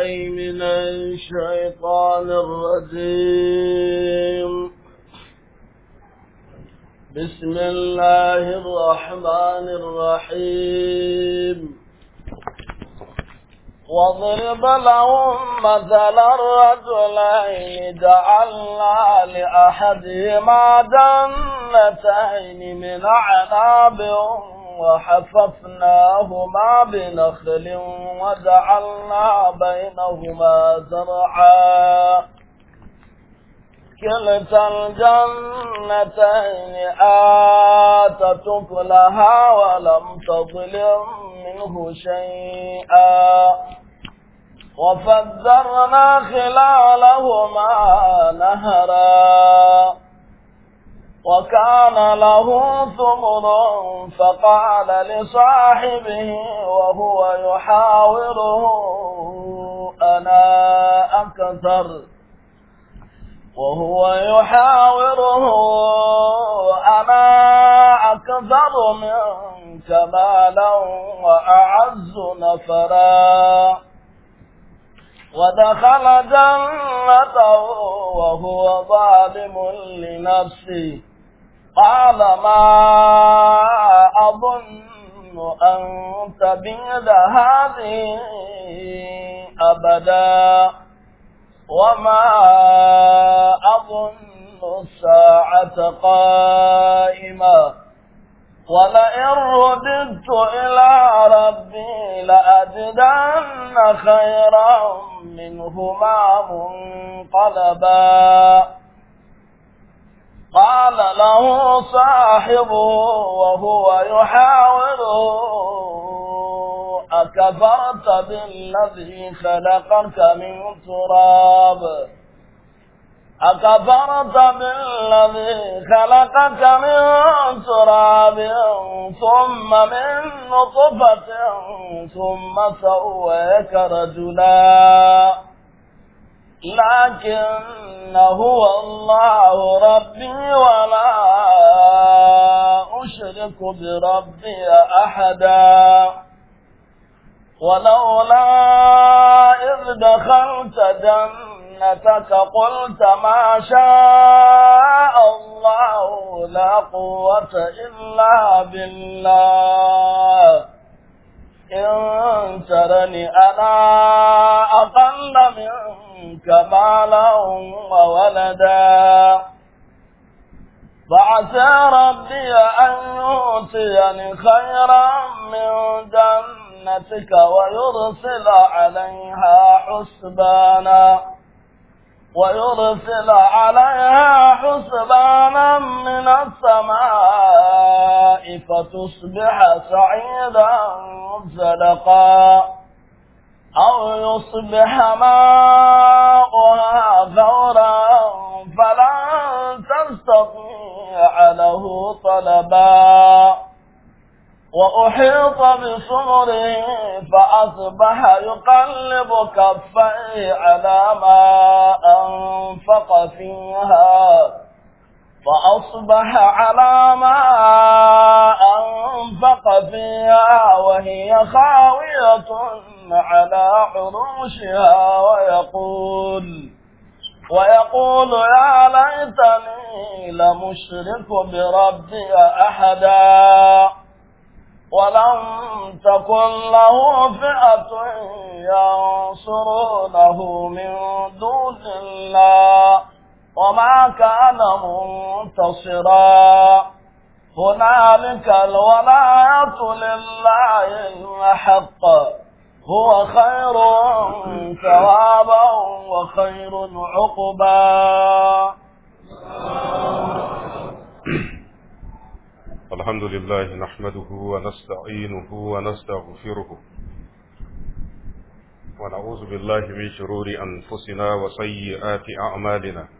بالله من الشيطان الرجيم بسم الله الرحمن الرحيم واضرب لهم مثلا رجلين جعلنا لأحدهما جنتين من عذاب وحففناهما بنخل وجعلنا بينهما زرعا كلتا الجنتين آتت لها ولم تظلم منه شيئا وفجرنا خلالهما نهرا وكان له ثمر فقال لصاحبه وهو يحاوره أنا أكثر وهو يحاوره أنا أكثر منك مالا وأعز نفرا ودخل جنته وهو ظالم لنفسه قال ما أظن أن تبيد هذه أبدا وما أظن الساعة قائمة ولئن رددت إلى ربي لأجدن خيرا منهما منقلبا قال له صاحبه وهو يحاوره أكفرت بالذي خلقك من تراب أكفرت بالذي خلقك من تراب ثم من نطفة ثم سويك رجلاً لكن هو الله ربي ولا أشرك بربي أحدا ولولا إذ دخلت جنتك قلت ما شاء الله لا قوة إلا بالله إن ترني أنا أقل منك كما لهم وولدا فعسى ربي أن يؤتيني خيرا من جنتك ويرسل عليها حسبانا ويرسل عليها حسبانا من السماء فتصبح سعيدا زلقا أو يصبح ماؤها ثورا فلا تستطيع له طلبا وأحيط بسمره فأصبح يقلب كفيه على ما أنفق فيها فأصبح على ما أنفق فيها وهي خاوية على عروشها ويقول ويقول يا ليتني لمشرك بربي أحدا ولم تكن له فئة ينصرونه من دون الله وما كان منتصرا هنالك الولاية لله الحق هو خير ثوابا وخير عقبا الحمد لله نحمده ونستعينه ونستغفره ونعوذ بالله من شرور أنفسنا وسيئات أعمالنا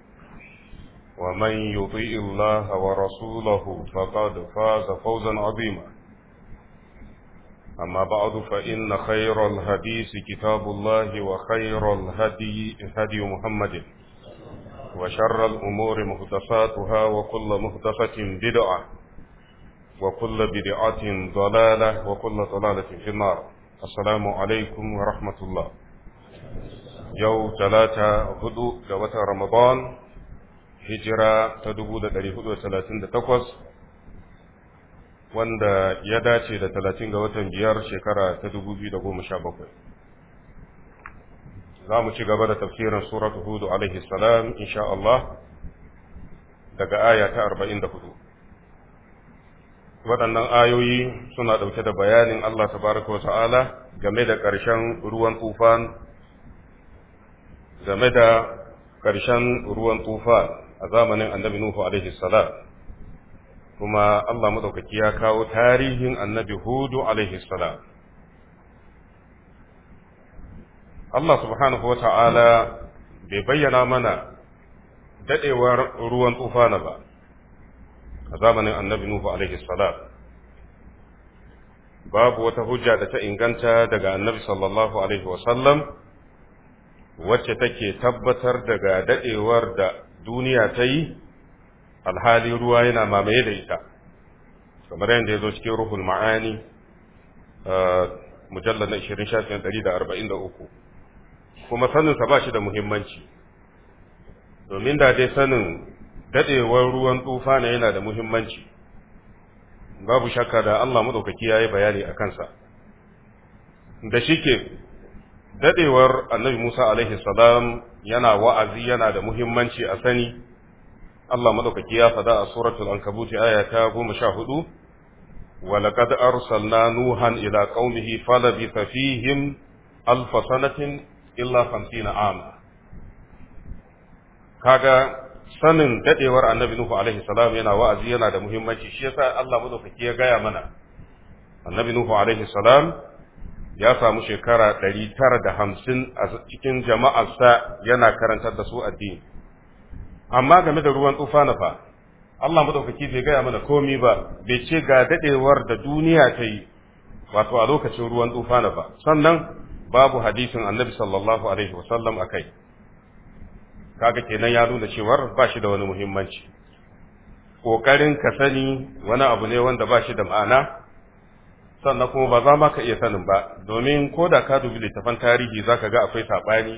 ومن يطيع الله ورسوله فقد فاز فوزا عظيما أما بعد فإن خير الحديث كتاب الله وخير الهدي هدي محمد وشر الأمور مهدفاتها وكل مهدفة بدعة وكل بدعة ضلالة وكل ضلالة في النار السلام عليكم ورحمة الله يوم ثلاثة غدو جوة رمضان hijira ta dubu da da hudu talatin takwas wanda ya dace da talatin ga watan biyar shekara ta dubu biyu da goma sha bakwai. za mu ci gaba da tafsirin surat hudu alaihi salam insha Allah daga aya ta arba'in da hudu. waɗannan ayoyi suna ɗauke da bayanin Allah tabaraka wata'ala game da ƙarshen ruwan tufan game da ƙarshen ruwan tufan a zamanin annabi Nuhu alaihi salam kuma Allah madaukaki ya kawo tarihin annabi Hudu alaihi salam Allah subhanahu wa ta'ala bai bayyana mana dadewar ruwan tufana ba a zamanin annabi Nuhu alaihi salam babu wata hujja da ta inganta daga annabi sallallahu alaihi wasallam wacce take tabbatar daga dadewar da duniya ta yi alhali ruwa yana mamaye da ita kamar yadda ya zo cikin ruhul ma'ani mujallar na 20 shafin uku. kuma saninsa ba shi da muhimmanci domin da dai sanin daɗewar ruwan tufa ne yana da muhimmanci babu shakka da Allah maɗaukaki ya yi bayani a kansa da shi ke dadewar annabi musa alaihi salam yana wa'azi yana da muhimmanci a sani Allah madaukaki ya fada a suratul ankabut aya ta sha hudu. laqad arsalna nuhan ila ƙaunihi falabitha fihim alf sanatin illa 50 ama kaga sanin daɗewar annabi nuhu alaihi salam yana wa'azi yana da muhimmanci shi sa Allah madaukaki ya gaya mana annabi nuhu alaihi salam ya samu shekara ɗari tara da hamsin a cikin jama'arsa yana karantar da su addini amma game da ruwan na fa Allah maɗaukaki bai gaya mana komi ba bai ce ga daɗewar da duniya ta yi wato a lokacin ruwan na fa, sannan babu hadisin annabi sallallahu alaihi wasallam a kai kaga kenan ya nuna cewar ba shi da wani muhimmanci ƙoƙarin ka sani wani abu ne wanda ba shi da ma'ana sannan kuma ba za ma ka iya sanin ba domin ko da ka dubi littafan tarihi za ka ga akwai saɓani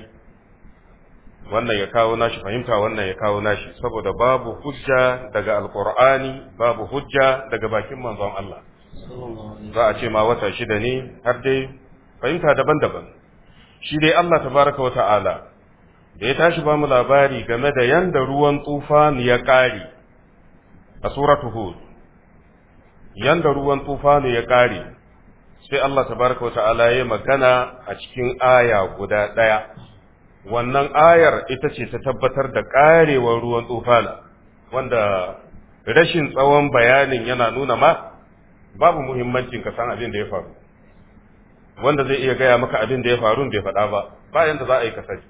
wannan ya kawo nashi fahimta wannan ya kawo nashi saboda babu hujja daga alƙur'ani babu hujja daga bakin manzon Allah za a ce ma wata shida ne har dai fahimta daban-daban shi dai Allah Ta baraka wa ta'ala da ya tashi ba mu labari game da yanda ruwan tufan ya ƙare a suratu hud yanda ruwan tufani ya ƙare sai Allah ta tabaraka ta'ala ya magana a cikin aya guda ɗaya wannan ayar ita ce ta tabbatar da ƙarewar ruwan tsufana wanda rashin tsawon bayanin yana nuna ma babu muhimmancin ka abin da ya faru wanda zai iya gaya maka abin da ya faru bai faɗa ba bayan da za a yi kasance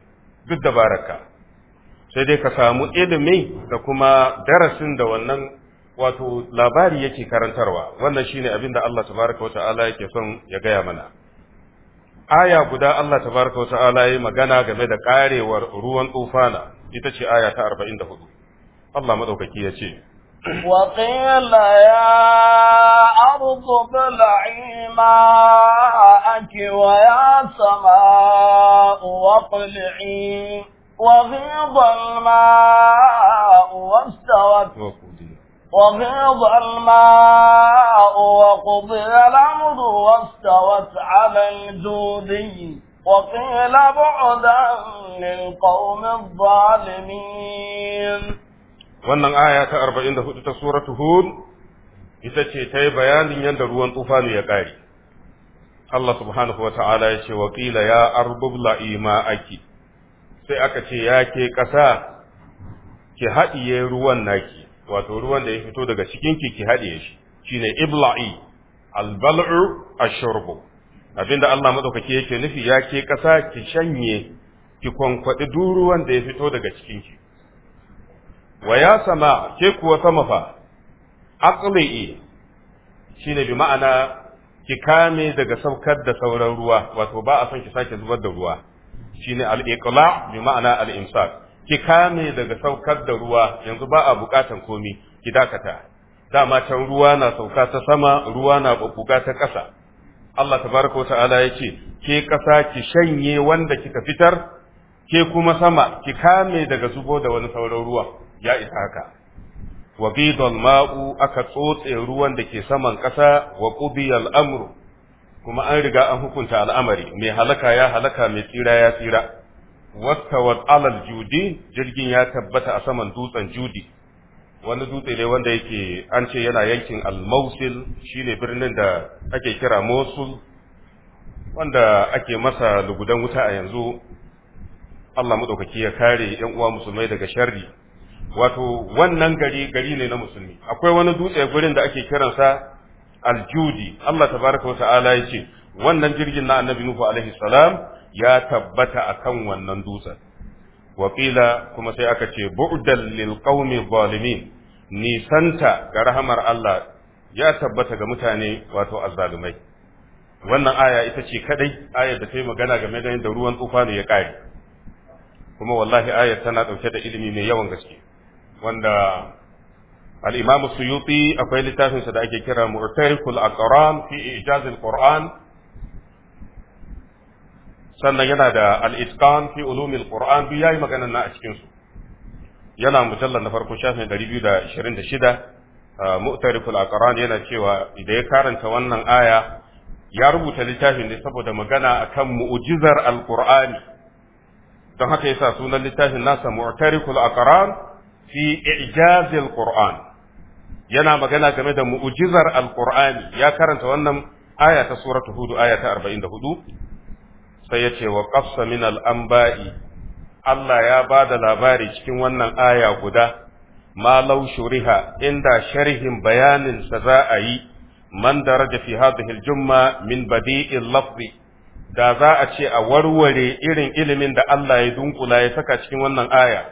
duk da baraka. sai dai ka samu ilimi da kuma darasin da wannan wato labari yake karantarwa wannan shine abin da Allah tabaraka ta'ala yake son ya gaya mana aya guda Allah tabaraka ta'ala yayi magana game da karewar ruwan tufana ita ce aya ta 44 Allah madaukaki ya ce وقيل يا أرض بلعي ماءك ويا wa واقلعي وغيض الماء واستوت وغيظ الماء وقضي الأمر واستوت على الجودي وقيل بعدا للقوم الظالمين wannan aya ta hudu ta suratu hud ita ce ta yi bayanin yadda ruwan tufani ya ƙare Allah subhanahu wa ta'ala ya ce wa ƙila ya arbubla ima aki sai aka ce ya ke ƙasa ki haɗiye ruwan naki wato ruwan da ya fito daga cikin ki ki haɗe shi shine ibla'i albal'u ashurbu abinda Allah madaukake yake nufi ya ke ƙasa ki shanye ki kwankwadi duk ruwan da ya fito daga cikin ki wa ya sama ke kuwa sama fa aqli'i shine bi ma'ana ki kame daga saukar da sauran ruwa wato ba a son ki sake zubar da ruwa shine al-iqla bi ma'ana al-imsak ki kame daga saukar da ruwa yanzu ba a bukatan komi ki dakata dama can ruwa na sauka ta sama ruwa na buga ta ƙasa Allah tabaraka wa ta'ala yake ke ƙasa ki shanye wanda kika fitar ke kuma sama ki kame daga zubo da wani sauran ruwa ya isa haka wa bidal ma'u aka tsotse ruwan da ke saman ƙasa wa qudiyal amru kuma an riga an hukunta al'amari mai halaka ya halaka mai tsira ya tsira wastawat alal judi jirgin ya tabbata a saman dutsen judi wani dutse ne wanda yake an ce yana yankin al-mausil shine birnin da ake kira mosul wanda ake masa lugudan wuta a yanzu Allah madaukaki ya kare yan uwa musulmai daga sharri wato wannan gari gari ne na musulmi akwai wani dutse gurin da ake kiransa al aljudi Allah tabaraka wa ta'ala ya ce wannan jirgin na annabi nuhu alaihi salam ya tabbata akan wannan dutsen wakila kuma sai aka ce bu'dal lil qaumi zalimin nisanta ga rahamar Allah ya tabbata ga mutane wato azzalumai wannan aya ita ce kadai ayar da ta yi magana game da yadda ruwan tufanu ya kare kuma wallahi ayar tana ɗauke da ilimi mai yawan gaske wanda al-imam suyuti akwai littafinsa da ake kira mu'tarikul aqran fi ijaz al-qur'an sannan yana da al-itqan fi ulumil qur'an duk yayi maganar na a cikinsu. yana mujallal na farko shafin 226 mu'tariful aqran yana cewa idan ya karanta wannan aya ya rubuta littafin ne saboda magana akan mu'jizar alqur'ani don haka yasa sunan littafin nasa mu'tariful aqran fi i'jazil qur'an yana magana game da mu'jizar alqur'ani ya karanta wannan aya ta suratu hudu aya ta 44 sai ya ce wa ƙafsa min al Allah ya ba da labari cikin wannan aya guda ma law shuriha inda sharhin bayaninsa za a yi man daraja fi hadhihi jumma min badi'i al-lafzi da za a ce a warware irin ilimin da Allah ya dunkula ya saka cikin wannan aya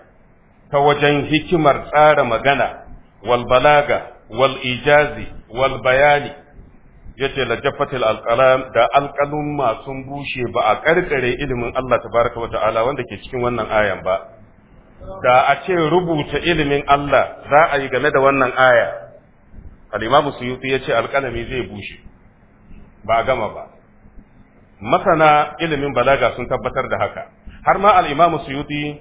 ta wajen hikimar tsara magana wal balaga wal ijazi wal bayani yace la jaffatil alqalam da alqalum ma sun bushe ba a karkare ilimin Allah baraka wa ta'ala wanda ke cikin wannan ayan ba da a ce rubuta ilimin Allah za a yi game da wannan aya al-imamu suyuti yace alqalami zai bushe ba a gama ba masana ilimin balaga sun tabbatar da haka har ma al-imamu suyuti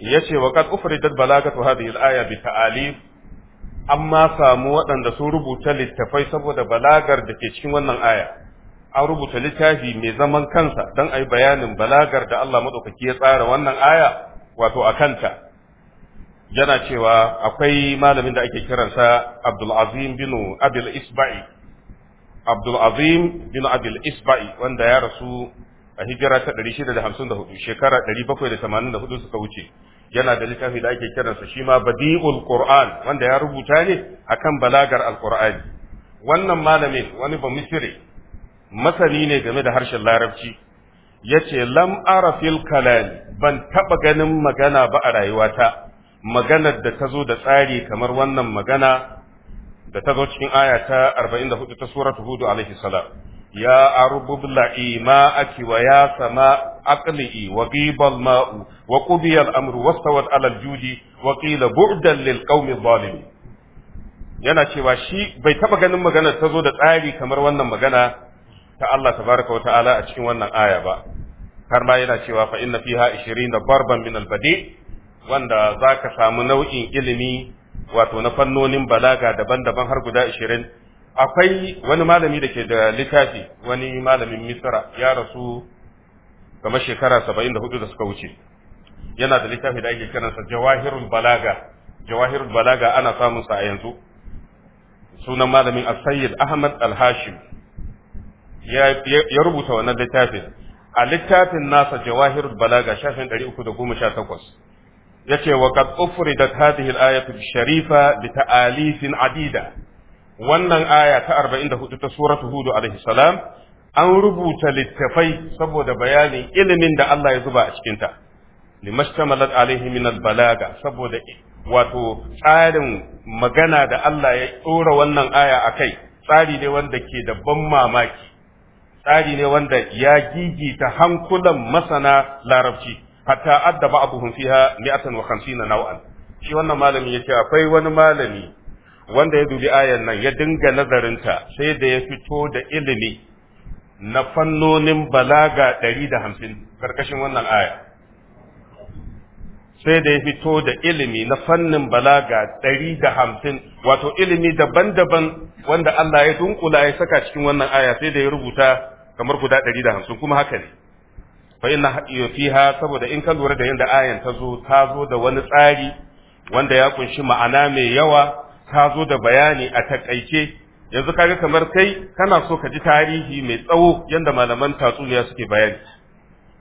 yace wa qad ufridat balagatu hadhihi al-aya bi ta'alif an ma samu waɗanda sun rubuta littafai saboda balagar da ke cikin wannan aya an rubuta littafi mai zaman kansa don a yi bayanin balagar da Allah maɗaukaki ya tsara wannan aya wato a kanta yana cewa akwai malamin da ake kiransa Abdul azim bin abil isba'i azim bin abil isba'i wanda ya rasu a hijira ta 654 shekara 784 suka wuce yana da littafi da ake kiransa shi ma badi'ul qur'an wanda ya rubuta ne akan balagar alqur'ani wannan malamin wani ba misri masani ne game da harshen larabci yace lam ara fil ban taba ganin magana ba a rayuwata maganar da ta zo da tsari kamar wannan magana da ta zo cikin aya ta 44 ta suratu hudu alaihi salam ya arububla'i ma'aki wa ya sama aqli'i wa ghibal ma'u wa qudiya al-amru wastawat judi wa qila bu'dan lil yana cewa shi bai taba ganin maganar ta zo da tsari kamar wannan magana ta Allah tabaraka wa ta'ala a cikin wannan aya ba har ma yana cewa fa inna fiha 20 barban min al wanda zaka samu nau'in ilimi wato na fannonin balaga daban-daban har guda 20 akwai wani malami da ke da littafi wani malamin misra ya rasu kamar shekara 74 da suka wuce yana da littafi da ake kiransa jawahirul balaga jawahirul balaga ana samun sa a yanzu sunan malamin as ahmad al-hashim ya rubuta wannan littafin a littafin nasa jawahirul balaga shafin 318 yace wa qad ufridat hadhihi al-ayatu sharifa bi ta'alifin adida wannan aya ta 44 ta suratu hud alaihi salam an rubuta littafai saboda bayanin ilimin da Allah ya zuba a cikinta limashtamalat alaihi min albalaga saboda wato tsarin magana da Allah ya dora wannan aya akai tsari ne wanda ke da ban mamaki tsari ne wanda ya gigita hankulan masana larabci hatta adda ba'dhum fiha 150 naw'an shi wannan malami yace akwai wani malami wanda ya dubi ayan nan ya dinga nazarinta sai da ya fito da ilimi na fannonin balaga 150 karkashin wannan aya sai da ya fito da ilimi na fannin balaga ɗari da hamsin wato ilimi daban-daban wanda Allah ya dunkula ya saka cikin wannan aya sai da ya rubuta kamar guda ɗari da hamsin kuma haka ne fa inna fiha saboda in ka lura da yadda ayan ta zo ta zo da wani tsari wanda ya kunshi ma'ana mai yawa ta zo da bayani a taƙaice yanzu kaga kamar kai kana so ka ji tarihi mai tsawo yadda malaman tatsuniya suke bayani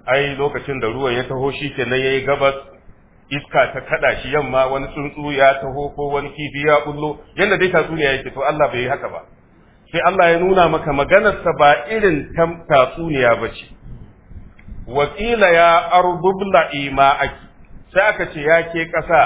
ai lokacin da ruwan ya taho shi kenan yayi gabas iska ta kada shi yamma wani tsuntsu ya taho ko wani kifi ya bullo yanda dai tatsuniya yake to Allah bai yi haka ba sai Allah ya nuna maka maganar sa ba irin tatsuniya ba ce wakila ya ardubla ima'aki sai aka ce ya ke ƙasa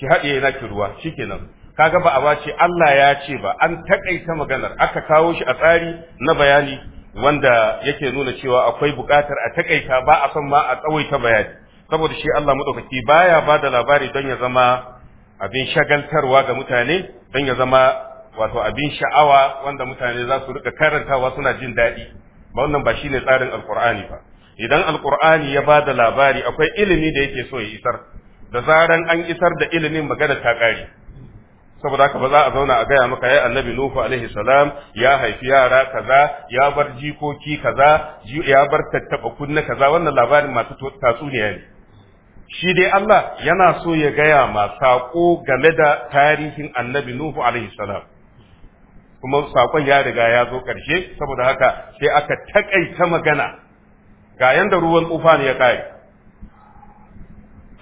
ki haɗiye na ki ruwa shikenan kaga ba a ba Allah ya ce ba an takaita maganar aka kawo shi a tsari na bayani wanda yake nuna cewa akwai bukatar a takaita ba a son ma a tsawaita bayani saboda shi Allah madaukaki baya ba da labari don ya zama abin shagaltarwa ga mutane don ya zama wato abin sha'awa wanda mutane za su rika karantawa suna jin daɗi ba wannan ba shine tsarin alkur'ani ba idan alkur'ani ya ba da labari akwai ilimi da yake so ya isar da zaran an isar da ilimin magana ta ƙare saboda haka ba za a zauna a gaya maka ya annabi nuhu alaihi salam ya haifi yara kaza ya bar jikoki kaza ya bar tattaba kunna kaza wannan labarin masu tatsuniya ne shi dai Allah yana so ya gaya ma saƙo game da tarihin annabi Nuhu alaihi salam kuma saƙon ya riga ya zo ƙarshe saboda haka sai aka taƙaita magana ga yanda ruwan tsufa ne ya kare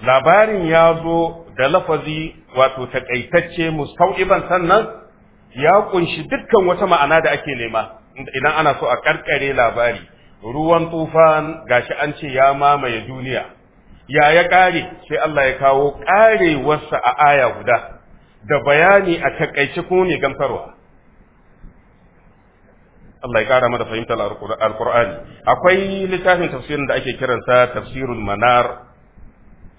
labarin ya zo da lafazi wato taƙaitacce mustau'iban sannan ya ƙunshi dukkan wata ma'ana da ake nema idan ana so a ƙarƙare labari ruwan tufan gashi an ce ya mamaye duniya ya ya kare sai Allah ya kawo ƙarewarsa a aya guda da bayani a takaice ko ne gamsarwa Allah ya kara mana fahimtar alkur'ani akwai littafin tafsirin da ake kiransa tafsirul manar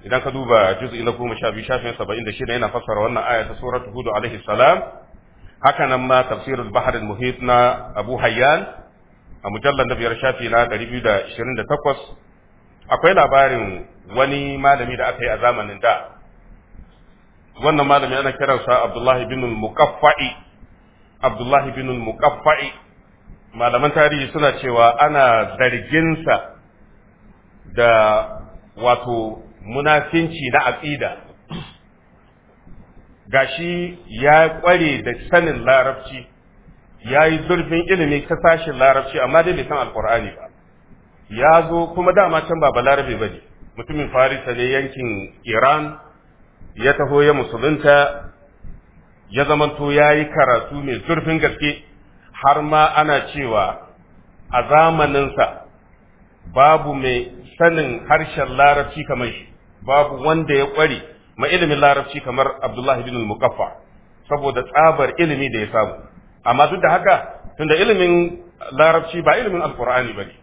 idan ka duba juz'i na goma sha shafin saba'in da shida yana fassara wannan aya ta suratul hudu alaihi salam haka nan ma tafsirul bahr al muhit na abu hayyan a mujallar na biyar shafi na ɗari biyu da ishirin da takwas akwai labarin wani malami da aka yi a zamanin da wannan malami ana kiransa abdullahi bin mukaffa'i abdullahi bin mukaffa'i malaman tarihi suna cewa ana zarginsa da wato munafinci na aƙida gashi ya ƙware da sanin larabci ya yi zurfin ilimi ta sashin larabci amma dai bai san alƙur'ani ba ya zo kuma dama can ba balarabe ba ne mutumin farisa ne yankin iran ya taho ya musulunta ya zamanto ya yi karatu mai zurfin gaske har ma ana cewa a zamaninsa babu mai sanin harshen larabci kamar shi babu wanda ya ƙware ma ilimin larabci kamar abdullahi bin mukaffa saboda tsabar ilimi da ya samu amma duk da haka tunda ilimin larabci ba ilimin alkur'ani ba ne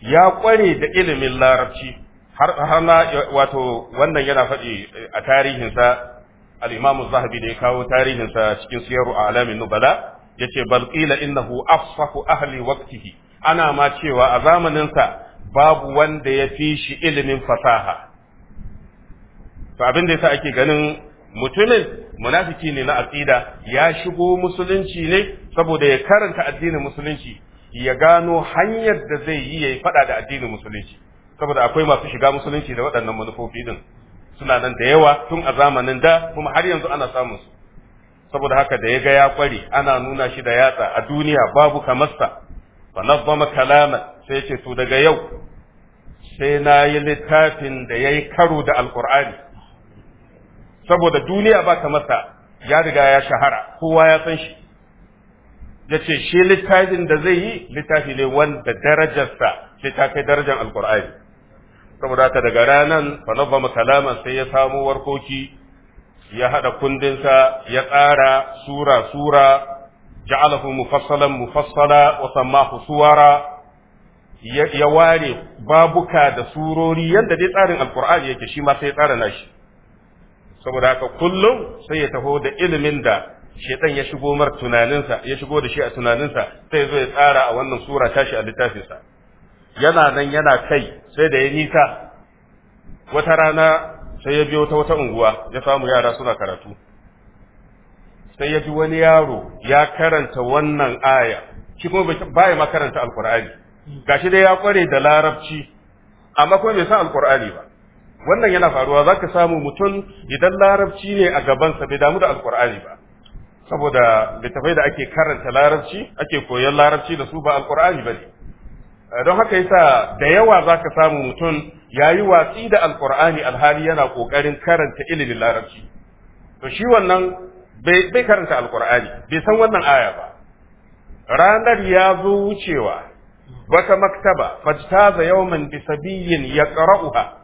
ya kware da ilimin larabci har na wato wannan yana faɗi eh, a tarihinsa al zahabi da ya kawo tarihinsa cikin siyarwa a alamin nubala ya ce balƙila innahu afsahu ahli waqtihi ana ma cewa a zamaninsa babu wanda ya fi shi ilimin fasaha to abin da yasa ake ganin mutumin munafiki ne na aqida ya shigo musulunci ne saboda ya karanta addinin musulunci ya gano hanyar da zai yi ya yi faɗa da addinin musulunci saboda akwai masu shiga musulunci da waɗannan manufofi din suna nan da yawa tun a zamanin da kuma har yanzu ana samun su saboda haka da ya ga ya kware ana nuna shi da yatsa a duniya babu kamarsa fa nazzama kalaman sai ce to daga yau sai na yi littafin da ya yi karo da alkur'ani saboda duniya ba kamarsa ya riga ya shahara kowa ya san shi ya ce shi littafin da zai yi littafi ne wanda darajarsa sai ta kai darajar alkur'ani saboda ta daga ranan fanabba kalaman sai ya samo warkoki ya haɗa kundinsa ya tsara sura sura ja'alahu mufassalan mufassala wa sammahu suwara ya ware babuka da surori yadda dai tsarin alkur'ani yake shi ma sai ya tsara nashi saboda haka kullum sai ya taho da ilimin da shedan ya shigo mar tunaninsa ya shigo da shi a tunaninsa sai zo ya tsara a wannan sura tashi a littafinsa yana nan yana kai sai da ya nisa wata rana sai ya biyo ta wata unguwa ya samu yara suna karatu sai ya ji wani yaro ya karanta wannan aya shi kuma ba ya karanta alkur'ani gashi dai ya kware da larabci amma kuma bai san alkur'ani ba wannan yana faruwa zaka samu mutum idan larabci ne a gabansa bai damu da alkur'ani ba saboda littafai da ake karanta larabci ake koyon larabci da su ba alqur'ani bane eh, don haka yasa da yawa zaka samu mutum yayi watsi da alqur'ani alhali yana kokarin karanta ilimin larabci to shi wannan bai bai karanta alqur'ani bai san wannan aya ba ranar ya zo wucewa wata maktaba fajtaza yawman bisabiyin yaqra'uha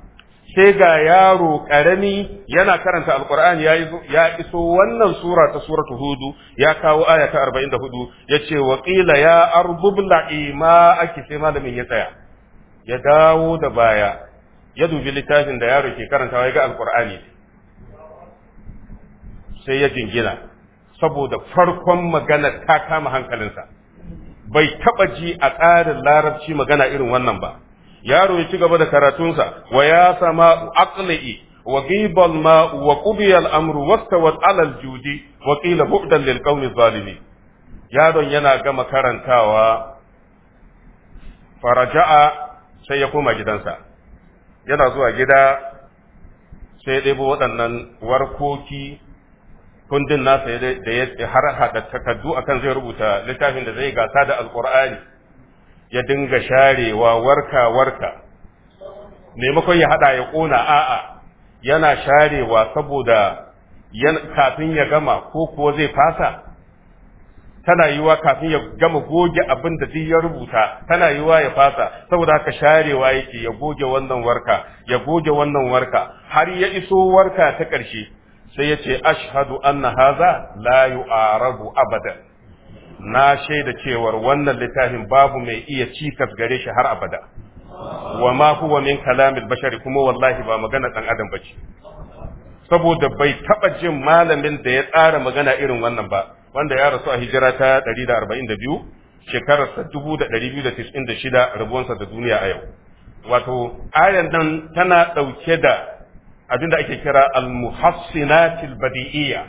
sai ga yaro ƙarami yana karanta alkur'ani ya iso wannan sura ta suratu hudu ya kawo aya ta arba'in da hudu ya ce waƙila ya arbubla ima ake sai malamin ya tsaya ya dawo da baya ya dubi littafin da yaro ke karanta, ya ga alkur'ani sai ya jingina saboda farkon magana ta kama hankalinsa bai taɓa ji a ƙarin larabci magana irin wannan ba yaro ya ci gaba da karatunsa wa ya sama aqli wa qibal ma wa qudiya al-amru wastawat ala al-judi wa qila bu'dan lil qawmi zalimi yaron yana gama karantawa faraja'a sai ya koma gidansa yana zuwa gida sai ya ɗebo waɗannan warkoki kundin nasa da ya har haɗa takardu akan zai rubuta littafin da zai gasa da alƙur'ani ya dinga sharewa warka warka maimakon ya hada ya ƙona a'a yana sharewa saboda kafin ya gama ko kuwa zai fasa tana yiwa kafin ya gama goge abin da ya rubuta tana yiwa ya fasa saboda haka sharewa yake ya goge wannan warka ya goge wannan warka har ya iso warka ta ƙarshe sai ya ce ashhadu anna haza la yu'arabu abadan na shaida cewar wannan littafin babu mai iya cikas gare shi har abada wa ma huwa min kalamil bashari kuma wallahi ba magana dan adam bace saboda bai taba jin malamin da ya tsara magana irin wannan ba wanda ya rasu a hijira ta 142 shekarar 1296 sa da duniya a yau wato ayan nan tana dauke da abinda ake kira al-muhassinatil badi'iyya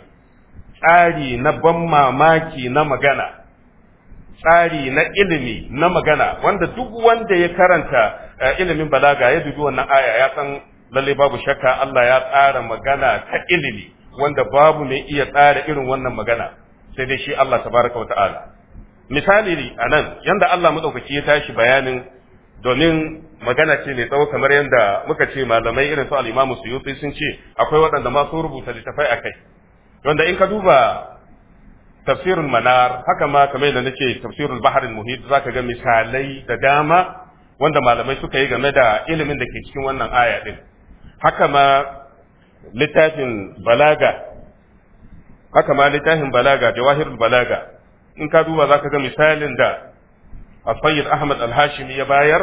tsari na ban mamaki na magana tsari na ilimi na magana wanda duk wanda ya karanta eh, ilimin balaga ya dubi wannan aya ya san lalle babu shakka Allah ya tsara magana ta ilimi wanda babu mai iya tsara irin wannan magana sai dai shi Allah tabaraka wa ta'ala misali a nan yanda Allah madaukaki ya tashi bayanin domin magana ce mai tsawo kamar yadda muka ce malamai irin su al-Imam Suyuti sun ce akwai waɗanda ma sun rubuta littafai akai wanda in ka duba Tafsirin manar haka ma kamar na nace tafsirul baharul muhit zaka ga misalai da dama wanda malamai suka yi game da ilimin da ke cikin wannan aya din haka ma littafin balaga haka ma littafin balaga jawahirul balaga in ka duba zaka ga misalin da al Ahmad Al-Hashimi ya bayar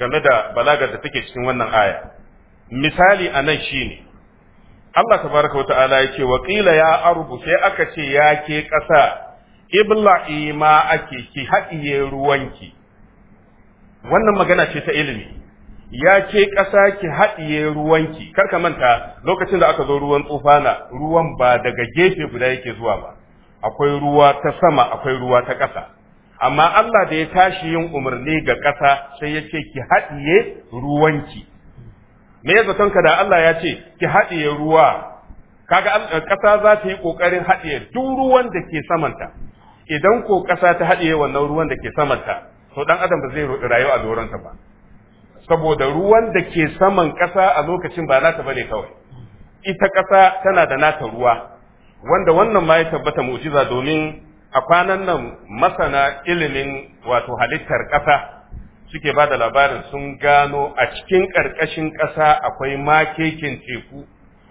game da Balaga da take cikin wannan aya misali anan shine Allah tabaraka wata'ala ya ce wa qila ya arbu sai aka ce ya ke ƙasa ibla ima ake ki haɗiye ruwanki wannan magana ce ta ilimi ya ke ƙasa ki haɗiye ruwanki kar ka manta lokacin da aka zo ruwan tsufana ruwan ba daga gefe guda yake zuwa ba akwai ruwa ta sama akwai ruwa ta ƙasa amma Allah da ya tashi yin umarni ga ƙasa sai ya ce ki haɗiye ruwanki me zaton ka da Allah ya ce ki haɗiye ruwa kaga eh, ƙasa za ta yi ƙoƙarin haɗiye duk ruwan da ke samanta idan ko ƙasa ta haɗiye wannan ruwan da ke samanta to dan adam ba zai rayu a doronta ba saboda ruwan da ke saman ƙasa a lokacin ba nata bane kawai ita ƙasa tana da nata ruwa wanda wannan ma ya tabbata mu'jiza domin a kwanan nan masana ilimin wato halittar ƙasa suke ba da labarin sun gano a cikin ƙarƙashin ƙasa akwai makekin teku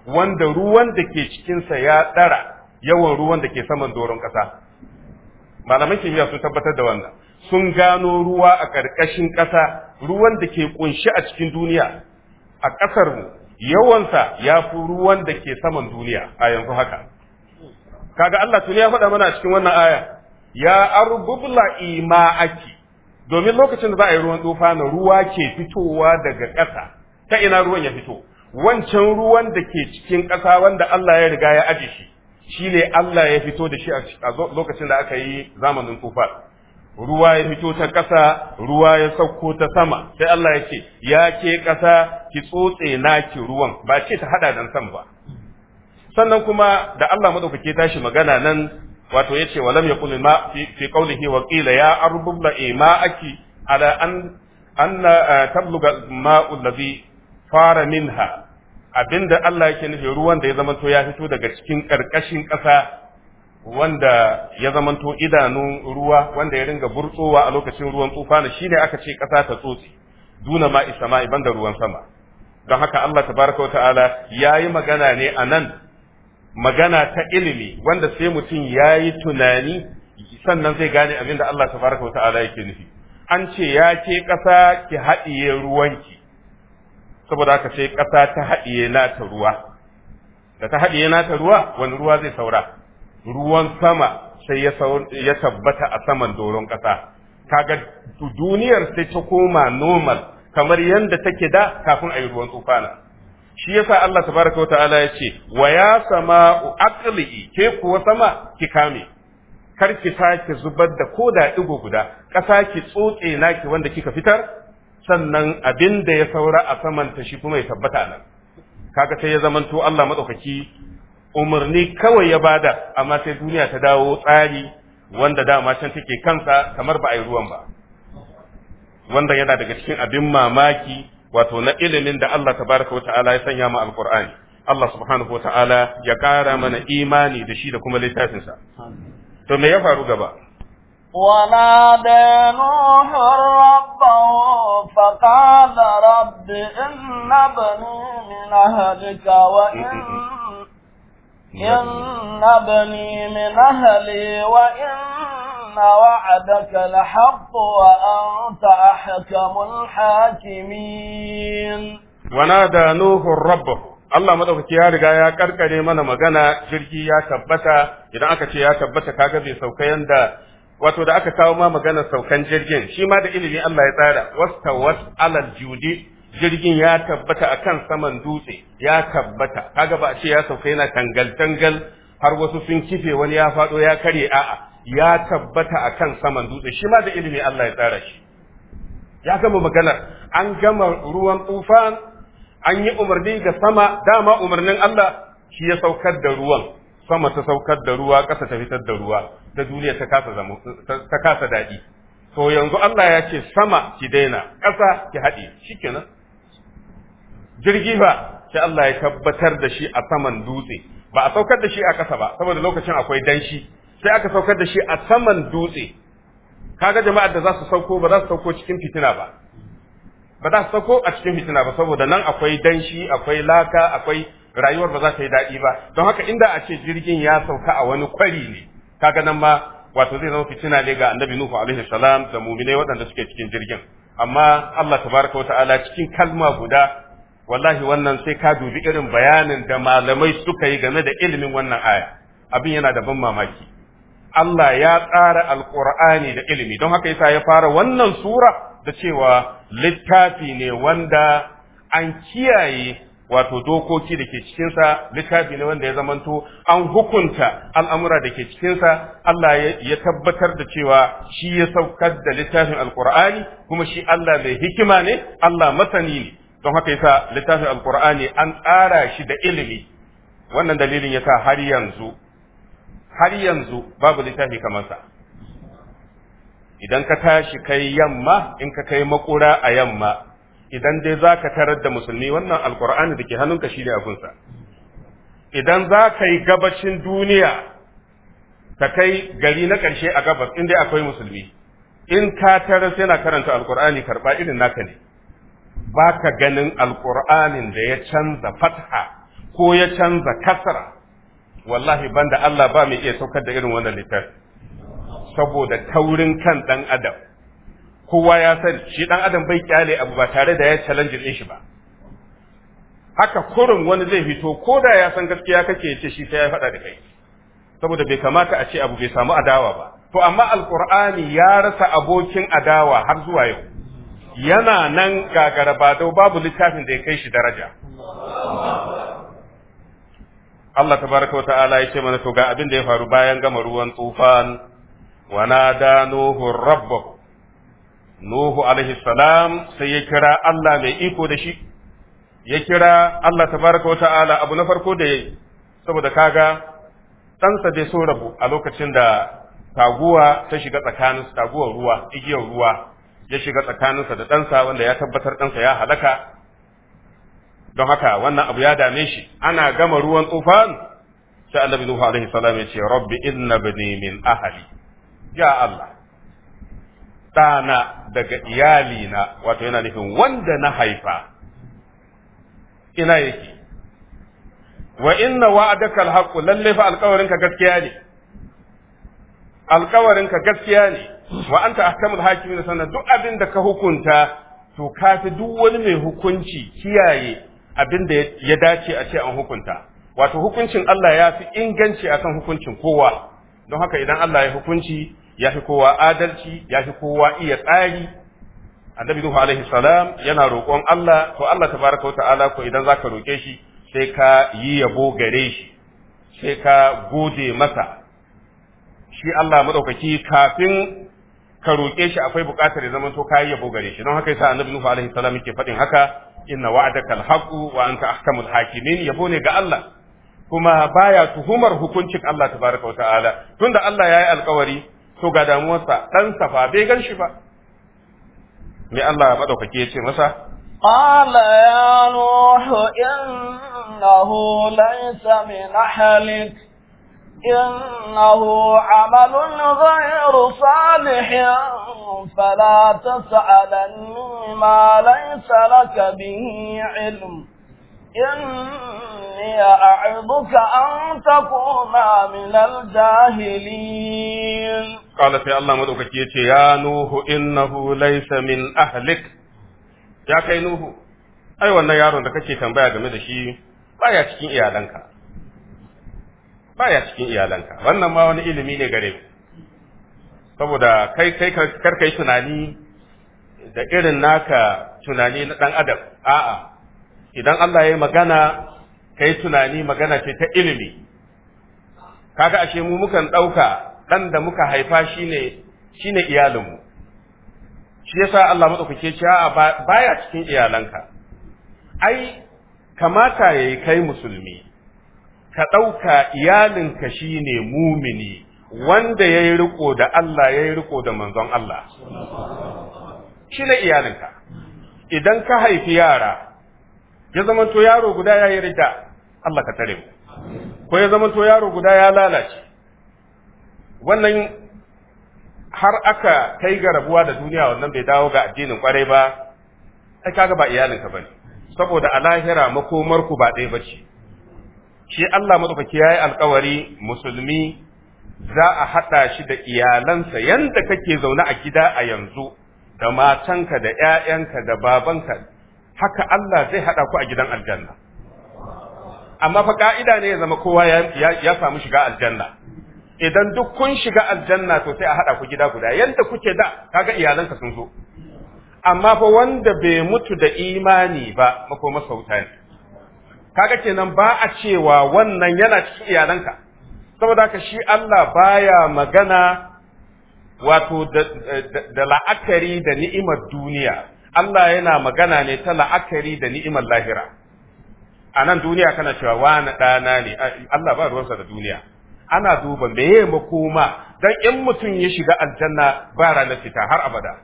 wanda ruwan da ke cikinsa ya ɗara yawan ruwan da ke saman doron ƙasa malaman kimiyya sun tabbatar da wannan sun gano ruwa a ƙarƙashin ƙasa ruwan da ke ƙunshi a cikin duniya a ƙasarmu yawansa ya fi ruwan da ke saman duniya a yanzu haka kaga Allah tuni ya faɗa mana a cikin wannan aya ya arbubla ima'aki domin lokacin da za a yi ruwan tsufa na ruwa ke fitowa daga ƙasa ta ina ruwan ya fito wancan ruwan da ke cikin ƙasa wanda Allah ya riga ya aje shi shine Allah ya fito da shi a lokacin da aka yi zamanin tsufa ruwa ya fito ta ƙasa ruwa ya sauko ta sama sai Allah ya ce ya ke ƙasa ki tsotse ki ruwan ba ce ta haɗa dan sama ba sannan kuma da Allah madaukake tashi magana nan wato yace walam yaqul ma fi qawlihi wa qila ya ima aki ala an anna eh, tabluga ma alladhi fara minha abinda Allah yake nufi ruwan da ya zamanto ya fito daga cikin karkashin kasa wanda ya zamanto idanun ruwa wanda ya ringa burtsowa a lokacin ruwan tufana shine aka ce kasa ta tsotse duna ma ban banda ruwan sama don haka Allah tabaraka wa ta'ala yayi magana ne anan magana ta ilimi wanda sai mutum ya yi tunani sannan zai gane abin da Allah tabaraka wa ta'ala yake nufi an ce ya ce ƙasa ki haɗiye ruwanki saboda haka sai ƙasa ta haɗiye na ta ruwa da ta haɗiye na ta ruwa wani ruwa zai saura ruwan sama sai ya tabbata a saman doron ƙasa kaga duniyar sai ta koma normal kamar yadda take da kafin a yi ruwan tsufana shi yasa Allah tabaraka wa ta'ala ya ce wa ya sama'u aqli ke kuwa sama ki kame kar ki sake zubar da koda digo guda ƙasa ki tsotse naki wanda kika fitar sannan abin da ya saura a saman ta shi kuma ya tabbata nan kaga sai ya zamanto Allah madaukaki umarni kawai ya bada amma sai duniya ta dawo tsari wanda dama can take kansa kamar ba a yi ruwan ba wanda yana daga cikin abin mamaki wato na ilimin da Allah tabaraka wa ta'ala ya sanya mu alqur'ani Allah subhanahu wa ta'ala ya kara mana imani da shi da kuma littafinsa to me ya faru gaba ونادى نوح ربه فقال رب إن ابني من أهلك وإن إن ابني من أهلي وإن أن وعدك لحق وأنت أحكم الحاكمين ونادى نوح ربه Allah madaukaki ya riga ya karkare mana magana jirgi ya tabbata idan aka ce ya tabbata kaga bai sauka yanda wato da aka kawo ma magana saukan jirgin shi ma da ilimi Allah ya tsara wastawat alal judi jirgin ya tabbata akan saman dutse ya tabbata kaga ba a ce ya sauka yana tangal tangal har wasu sun kife wani ya faɗo ya karye a'a ya tabbata a kan saman dutse shi ma da ilimi Allah ya tsara shi ya gama maganar an gama ruwan tufan an yi umarni ga sama dama umarnin Allah shi ya saukar da ruwan sama ta saukar da ruwa ƙasa ta fitar da ruwa da duniya ta kasa zamo ta kasa daɗi to yanzu Allah ya ce sama ki daina ƙasa ki haɗe shikenan jirgi ba, sai Allah ya tabbatar da shi a saman dutse ba a saukar da shi a ƙasa ba saboda lokacin akwai danshi sai aka saukar da shi a saman dutse kaga jama'ar da za su sauko ba za su sauko cikin fitina ba ba za su sauko a cikin fitina ba saboda nan akwai danshi akwai laka akwai rayuwar ba za ta yi daɗi ba don haka inda a ce jirgin ya sauka a wani kwari ne kaga nan ma wato zai zama fitina ne ga annabi nuhu alaihi salam da muminai waɗanda suke cikin jirgin amma Allah tabaraka wata'ala cikin kalma guda wallahi wannan sai ka dubi irin bayanin da malamai suka yi game da ilimin wannan aya abin yana da ban mamaki Allah ya tsara alqur'ani da ilimi don haka yasa ya fara wannan sura da cewa littafi ne wanda an kiyaye wato dokoki da ke cikinsa littafi ne wanda ya zamanto an hukunta al'amura da ke cikinsa Allah ya tabbatar da cewa shi ya saukar da littafin alkur'ani kuma shi Allah mai hikima ne Allah masani ne don haka yasa littafin alkur'ani an tsara shi da ilimi wannan dalilin yasa har yanzu har yanzu babu littafi kamar sa idan ka tashi kai yamma in ka kai makura a yamma idan dai za tarar da musulmi wannan alkur'ani da ke hannunka shi ne abinsa idan zaka yi gabacin duniya ka kai gari na ƙarshe a gabas in dai akwai musulmi in ka tarar sai na karanta alkur'ani karɓa irin naka ne Baka ganin alkur'anin da ya canza fatha ko ya canza kasra wallahi banda Allah ba mai iya saukar da irin wannan littafi saboda taurin kan dan adam kowa ya sani shi dan adam bai kyale abu ba tare da ya challenge din shi ba haka kurin wani zai fito ko da ya san gaskiya kake ya ce shi sai ya faɗa da kai saboda bai kamata a ce abu bai samu adawa ba to amma alqur'ani ya rasa abokin adawa har zuwa yau yana nan ga ba babu littafin da ya kai shi daraja Allah ta tabaraka wata'ala ya ce mana to ga abin da ya faru bayan gama ruwan tufan wa nada nuhu rabbahu nuhu alaihi salam sai ya kira Allah mai iko da shi ya kira Allah ta baraka tabaraka wata'ala abu na farko da yayi saboda kaga ɗansa dai so rabu a lokacin da taguwa ta shiga tsakaninsa taguwar ruwa igiyar ruwa ya shiga tsakaninsa da ɗansa wanda ya tabbatar ɗansa ya halaka don haka wannan abu ya dame shi ana gama ruwan tufan sai annabi nuhu alaihi salam ya ce rabbi inna bani min ahli ya allah ɗana daga iyalina wato yana nufin wanda na haifa ina yake wa inna wa'adaka alhaqu lalle fa alƙawarinka gaskiya ne alƙawarinka gaskiya ne wa anta ahkamul hakimin sanan duk abin da ka hukunta to ka fi duk wani mai hukunci kiyaye abin da ya dace a ce an hukunta wato hukuncin Allah ya fi inganci akan hukuncin kowa don haka idan Allah ya hukunci ya fi kowa adalci ya fi kowa iya tsari annabi Nuhu alaihi salam yana roƙon Allah to Allah tabaraka wata'ala ko idan zaka roƙe shi sai ka yi yabo gare shi sai ka gode masa shi Allah madaukaki kafin ka roƙe shi akwai buƙatar ya zama to ka yi yabo gare shi don haka yasa annabi Nuhu alaihi salam yake faɗin haka inna wa'adaka alhaqu wa anta ahkamul hakimin yabo ne ga Allah kuma baya tuhumar hukuncin Allah tabaraka wata'ala tunda Allah yayi alkawari to ga damuwarsa dan safa bai gan shi ba me Allah madaukake ya ce masa قال يا نوح إنه ليس من أهلك إنه عمل غير صالح فلا تسألني ما ليس لك به علم إني أعظك أن تكون من الجاهلين قال في الله مدوكك يا نوح إنه ليس من أهلك يا كي نوح أيوة يارون دكتي تنبأ جميل شيء baya cikin iyalanka baya cikin iyalanka wannan ma wani ilimi ne gare ku saboda kai kai karkai tunani da irin naka tunani na dan adam a'a idan Allah ya yi magana kai tunani magana ce ta ilimi kaga ashe mu mukan dauka dan da muka haifa shine shine iyalinmu shi yasa Allah madaukake ce a'a baya cikin iyalanka ai kamata yayi kai musulmi ka ɗauka iyalinka shi ne mumini wanda ya yi riko da Allah ya yi riko da manzon Allah shi ne iyalinka idan ka haifi yara ya zamanto yaro guda ya yi rida Allah ka tare mu ko ya zamanto yaro guda ya lalace wannan har aka kai ga rabuwa da duniya wannan bai dawo ga addinin kwarai ba ai kaga ba iyalinka bane saboda a lahira makomarku ba ɗaya bace shi Allah madaukaki yayi alƙawari musulmi za a hada shi da iyalansa yanda kake zaune a gida a yanzu da matanka da ƴaƴanka da babanka haka Allah zai hada ku a gidan aljanna amma fa ka'ida ne ya zama kowa ya samu shiga aljanna idan duk kun shiga aljanna to sai a hada ku gida guda yanda kuke da kaga iyalanka sun zo amma fa wanda bai mutu da imani ba makoma masauta kaga kenan ba a cewa wannan yana cikin iyalanka saboda haka shi Allah baya magana wato da la'akari da ni'imar duniya Allah yana magana ne ta la'akari da ni'imar lahira a nan duniya kana cewa wani ɗana ne Allah ba ruwansa da duniya ana duba meye makoma dan in mutum ya shiga aljanna ba ranar fita har abada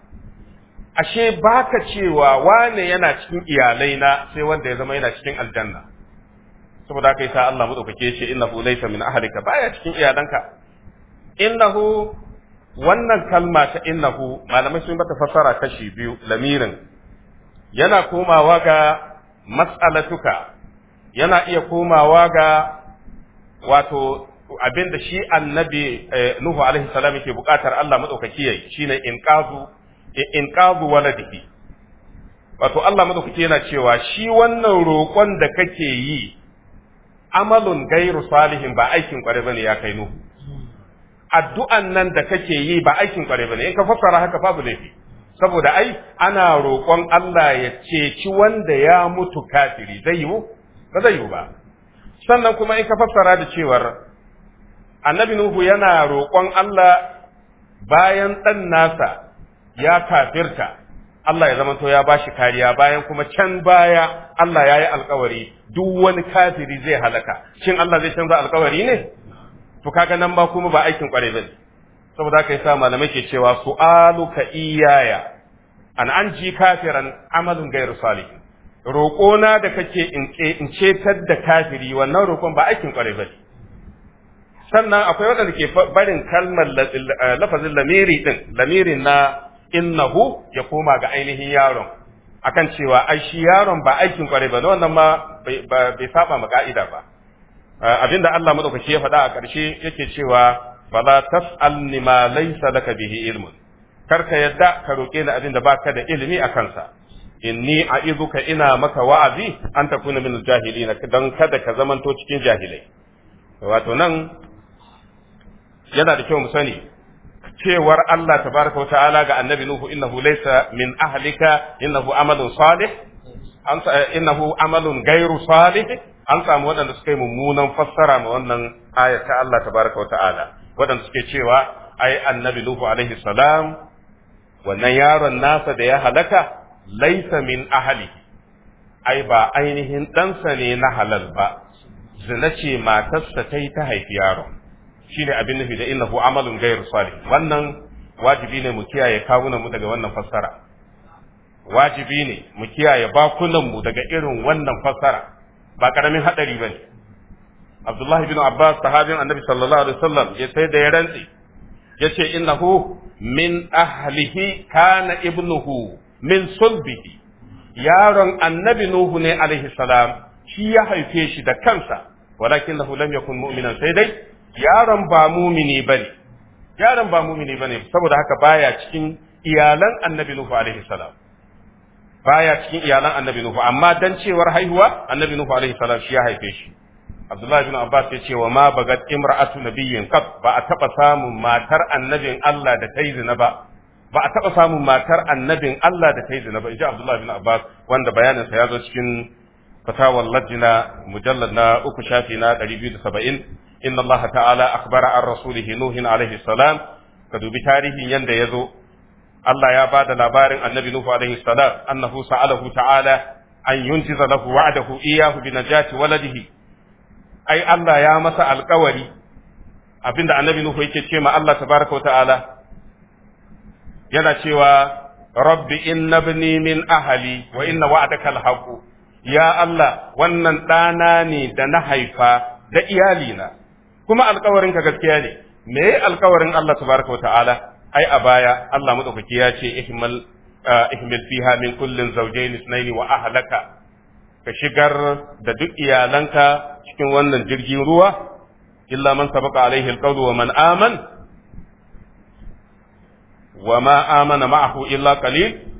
ashe baka cewa wane yana cikin iyalaina sai wanda ya zama yana cikin aljanna saboda haka yasa Allah madaukake shi innahu laysa min ahlika baya cikin iyalanka innahu wannan kalma ta innahu malamai sun bata fassara kashi biyu lamirin yana komawa ga mas'alatuka yana iya komawa ga wato abin da shi annabi eh, Nuhu alaihi salam yake bukatar Allah madaukaki yayi shine inqazu eh, inqazu waladihi wato Allah madaukaki yana cewa shi wannan roƙon da kake yi amalun gairu salihin ba aikin kware bane ya kai nuhu addu'an nan da kake yi ba aikin kware bane in ka fassara haka babu laifi saboda ai ana roƙon Allah ya ceci wanda ya mutu kafiri zai yiwu ba zai yiwu ba sannan kuma in ka fassara da cewar annabi nuhu yana roƙon Allah bayan ɗan nasa ya kafirta Allah ya zama to ya bashi kariya bayan kuma can baya Allah ya yi alkawari duk wani kafiri zai halaka shin Allah zai canza alkawari ne to kaga nan ba kuma ba aikin kware ba saboda haka yasa malamai ke cewa su'aluka iyaya an an ji kafiran amalun gairu salih roƙona da kake in cetar da kafiri wannan roƙon ba aikin kware ba sannan akwai waɗanda ke barin kalmar lafazin lamiri din lamirin na innahu ya koma ga ainihin yaron akan cewa ai shi yaron ba aikin kwarai ba wannan ma bai saba ma ka'ida ba eh, abinda Allah madaukaki ya faɗa a ƙarshe yake cewa la tas'alni ma laysa laka bihi ilmun karka yadda ka roke ni abinda baka da ilimi a kansa inni a'iduka ina maka wa'azi an takuna min jahilina dan kada ka zamanto cikin jahilai wato nan yana da kyau mu sani cewar Allah tabaraka wa ta'ala ga annabi Nuhu innahu laysa min ahlika innahu amalun salih an eh, innahu amalun gairu salih an samu waɗanda suka yi mummunan fassara ma wannan aya ta Allah tabaraka wa ta'ala waɗanda suke cewa ai annabi Nuhu alaihi salam wannan yaron nasa da ya halaka laysa min ahli ai ba ainihin ɗansa ne na halal ba zina ce matarsa ta yi ta haifi yaron shine abin nufi da innahu amalun ghairu salih wannan wajibi ne mu kiyaye kawunan mu daga wannan fassara wajibi ne mu kiyaye bakunan mu daga irin wannan fassara ba karamin hadari bane Abdullahi bin Abbas sahabin Annabi sallallahu alaihi wasallam ya sai da ya rantsi yace innahu min ahlihi kana ibnuhu min sulbihi yaron annabi nuhu ne alaihi salam shi ya haife shi da kansa walakin lahu lam yakun mu'minan sai dai yaron ba mumini bane yaron ba mumini bane saboda haka baya cikin iyalan annabi nuhu alaihi salam baya cikin iyalan annabi nuhu amma dan cewar haihuwa annabi nuhu alaihi salam shi ya haife shi abdullahi bin abbas ya ce wa ma bagat imra'atu nabiyyin qab ba a taba samun matar annabin Allah da ta yi zina ba ba a taba samun matar annabin Allah da ta yi zina ba inji abdullahi bin abbas wanda bayanin sa ya zo cikin fatawar lajina mujallad na uku shafi na ɗari biyu da saba'in. inna Allah ta'ala akhbara an rasulih nuh alaihi salam ka dubi tarihin yanda yazo Allah ya ba da labarin annabi nuh alaihi salam annahu sa'alahu ta'ala an yunjiza lahu wa'dahu iyyahu bi najati waladihi ai Allah ya masa alkawari abinda annabi nuh yake ce ma Allah tabaraka wa ta'ala yana cewa rabbi inna ibni min ahali, wa inna wa'daka alhaq ya Allah wannan ɗana ne da na haifa da iyalina kuma alkawarin ka gaskiya ne me alkawarin Allah tabaraka wata'ala ai a baya Allah madaukaki ya ce ihmal ah, ihmal fiha min kullin zawjayn ithnayn wa ahlaka ka shigar da duk iyalanka cikin wannan jirgin ruwa illa man sabaqa alaihi alqawlu wa man aman wa ma amana ma'ahu illa qalil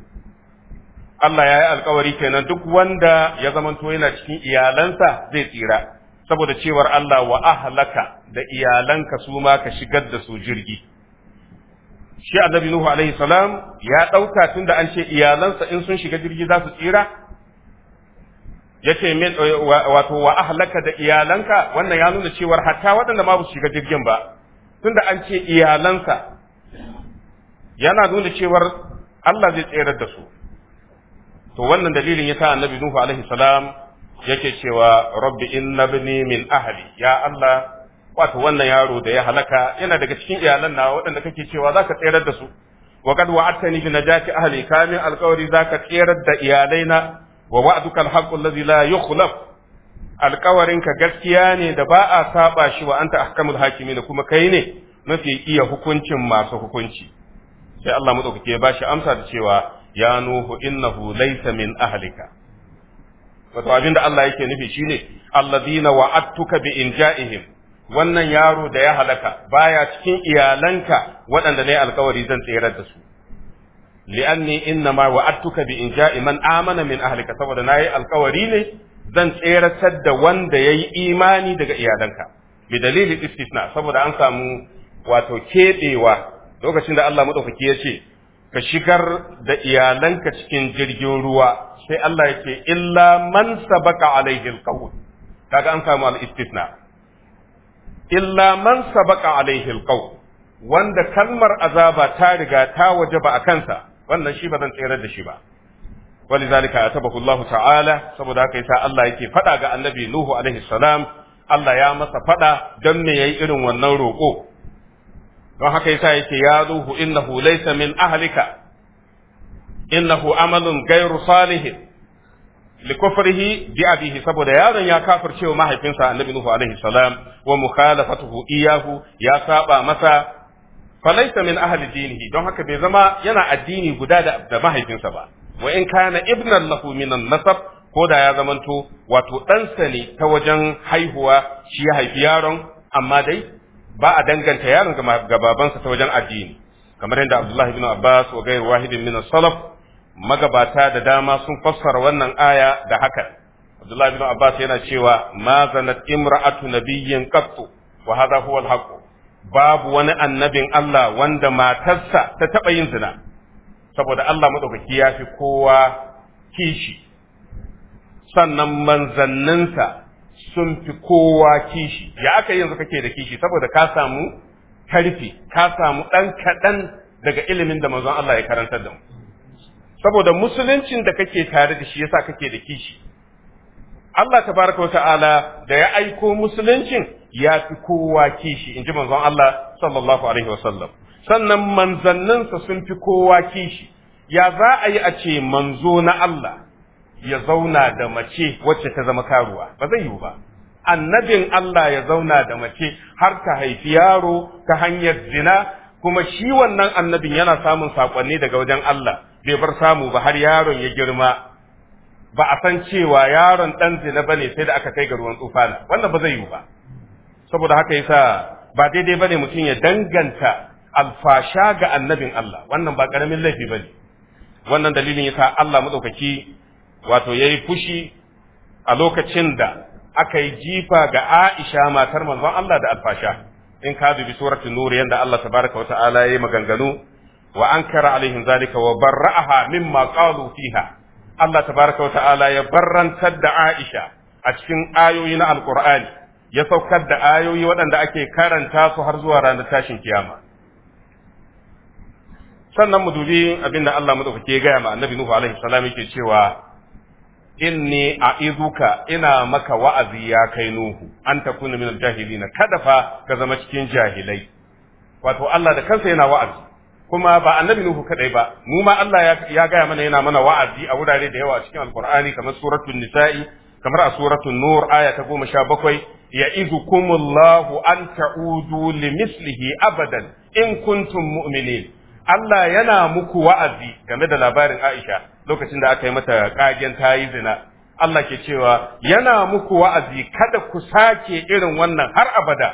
Allah ya yi alkawari kenan duk wanda ya zamanto yana cikin iyalansa zai tsira saboda cewar Allah wa ahlaka da iyalanka su ma ka shigar da su jirgi shi annabi nuhu alaihi salam ya tun da an ce iyalansa in sun shiga jirgi za su tsira yace min wato wa ahlaka da iyalanka wannan ya nuna cewar hatta waɗanda ma su shiga jirgin ba Tun da an ce iyalansa yana nuna cewar Allah zai tsirar da su to wannan dalilin ya sa annabi nuhu alaihi salam yake cewa rabbi inna ibni min ahli ya Allah wato wannan yaro da ya halaka yana daga cikin iyalan na waɗanda kake cewa zaka tsayar da su wa qad wa'adtani bi najati ahli kamin alqawri zaka tsayar da iyalaina wa wa'duka alhaqqu alladhi la yukhlaf alqawarinka gaskiya ne da ba a saba shi wa anta ahkamul hakimin kuma kai ne mafi iya hukuncin masu hukunci sai Allah madaukake ya bashi amsa da cewa ya nuhu innahu laysa min ahlika wato abin da Allah yake nufi shine allazina wa'adtuka bi inja'ihim wannan yaro da ya halaka baya cikin iyalanka waɗanda ne alkawari zan tserar da su li'anni inna ma wa'adtuka bi inja'i man amana min ahlika saboda nayi alkawari ne zan tseratar da wanda yayi imani daga iyalanka bi dalili istisna saboda an samu wato kebewa lokacin da Allah madaukaki ya ce ka shigar da iyalanka cikin jirgin ruwa sai Allah ya ce illa man sabaka alaihi alqawl kaga an samu al-istithna illa man sabaka alaihi alqawl wanda kalmar azaba ta riga ta waje ba a kansa wannan shi ba zan tsere da shi ba walidhalika atabahu Allah ta'ala saboda haka yasa Allah yake faɗa ga annabi Nuhu alaihi salam Allah ya masa faɗa dan me yayi irin wannan roƙo, don haka yasa yake ya Nuhu innahu laysa min ahalika. innahu amalun gairu salihin likufrihi bi abihi saboda yaron ya cewa mahaifinsa annabi nuhu alaihi salam wa mukhalafatuhu iyahu ya saba masa falaita min ahli dinihi don haka bai zama yana addini guda da mahaifinsa ba wa in kana ibnan lahu minan nasab ko da ya zamanto wato ɗansa ne ta wajen haihuwa shi ya haifi yaron amma dai ba a danganta yaron ga babansa ta wajen addini kamar yadda Abdullahi ibn Abbas wa gairu wahidin min salaf magabata da dama sun fassara wannan aya da haka Abdullah bin Abbas yana cewa ma zanat imra'atu nabiyyin qattu wa hadha huwa al babu wani annabin Allah wanda matarsa ta taba yin zina saboda Allah madaukaki ya fi kowa kishi sannan manzanninsa sun fi kowa kishi ya aka yanzu kake da kishi saboda ka samu karfi ka samu dan kadan daga ilimin da manzon Allah ya karantar da mu saboda musuluncin da kake tare da shi yasa kake da kishi Allah tabaraka wata'ala da ya aiko musuluncin ya fi kowa kishi in ji manzon Allah sallallahu alaihi wasallam sannan sa sun fi kowa kishi ya za a yi a ce manzo na Allah ya zauna da mace wacce ta zama karuwa ba zai yiwu ba annabin Allah ya zauna da mace har ta haifi yaro ta hanyar zina kuma shi wannan annabin yana samun saƙonni daga wajen Allah bai bar samu ba har yaron ya girma ba a san cewa yaron ɗan zina ba ne sai da aka kai ga ruwan tsufana wannan ba zai yi ba saboda haka yasa ba daidai ba ne mutum ya danganta alfasha ga annabin Allah wannan ba ƙaramin laifi bane wannan dalilin yasa Allah maɗaukaki wato yayi fushi a lokacin da aka yi jifa ga Aisha matar manzon Allah da alfasha in ka bi suratul nur yanda Allah tabaraka wa ta'ala yayi maganganu wa ankara alaihim zalika wa barra'aha mimma qalu fiha Allah tabaraka wa ta'ala ya barrantar da Aisha a cikin ayoyi na Alqur'ani ya saukar da ayoyi waɗanda ake karanta su har zuwa ranar tashin kiyama sannan mu dubi abinda Allah madaukake ya gaya ma Annabi Nuhu alaihi salam yake cewa inni a'izuka ina maka wa'azi ya kai Nuhu an takuna min al-jahilina kada fa ka zama cikin jahilai wato Allah da kansa yana wa'azi kuma ba annabi nuhu kadai ba mu ma Allah ya gaya mana yana mana wa'azi a wurare da yawa cikin alqur'ani kamar suratul nisa'i kamar a suratul nur aya ta goma sha bakwai ya'idukumullahu an ta'udu limislihi abadan in kuntum mu'minin Allah yana muku wa'azi game da labarin Aisha lokacin da aka yi mata kagen tayi zina Allah ke cewa yana muku wa'azi kada ku sake irin wannan har abada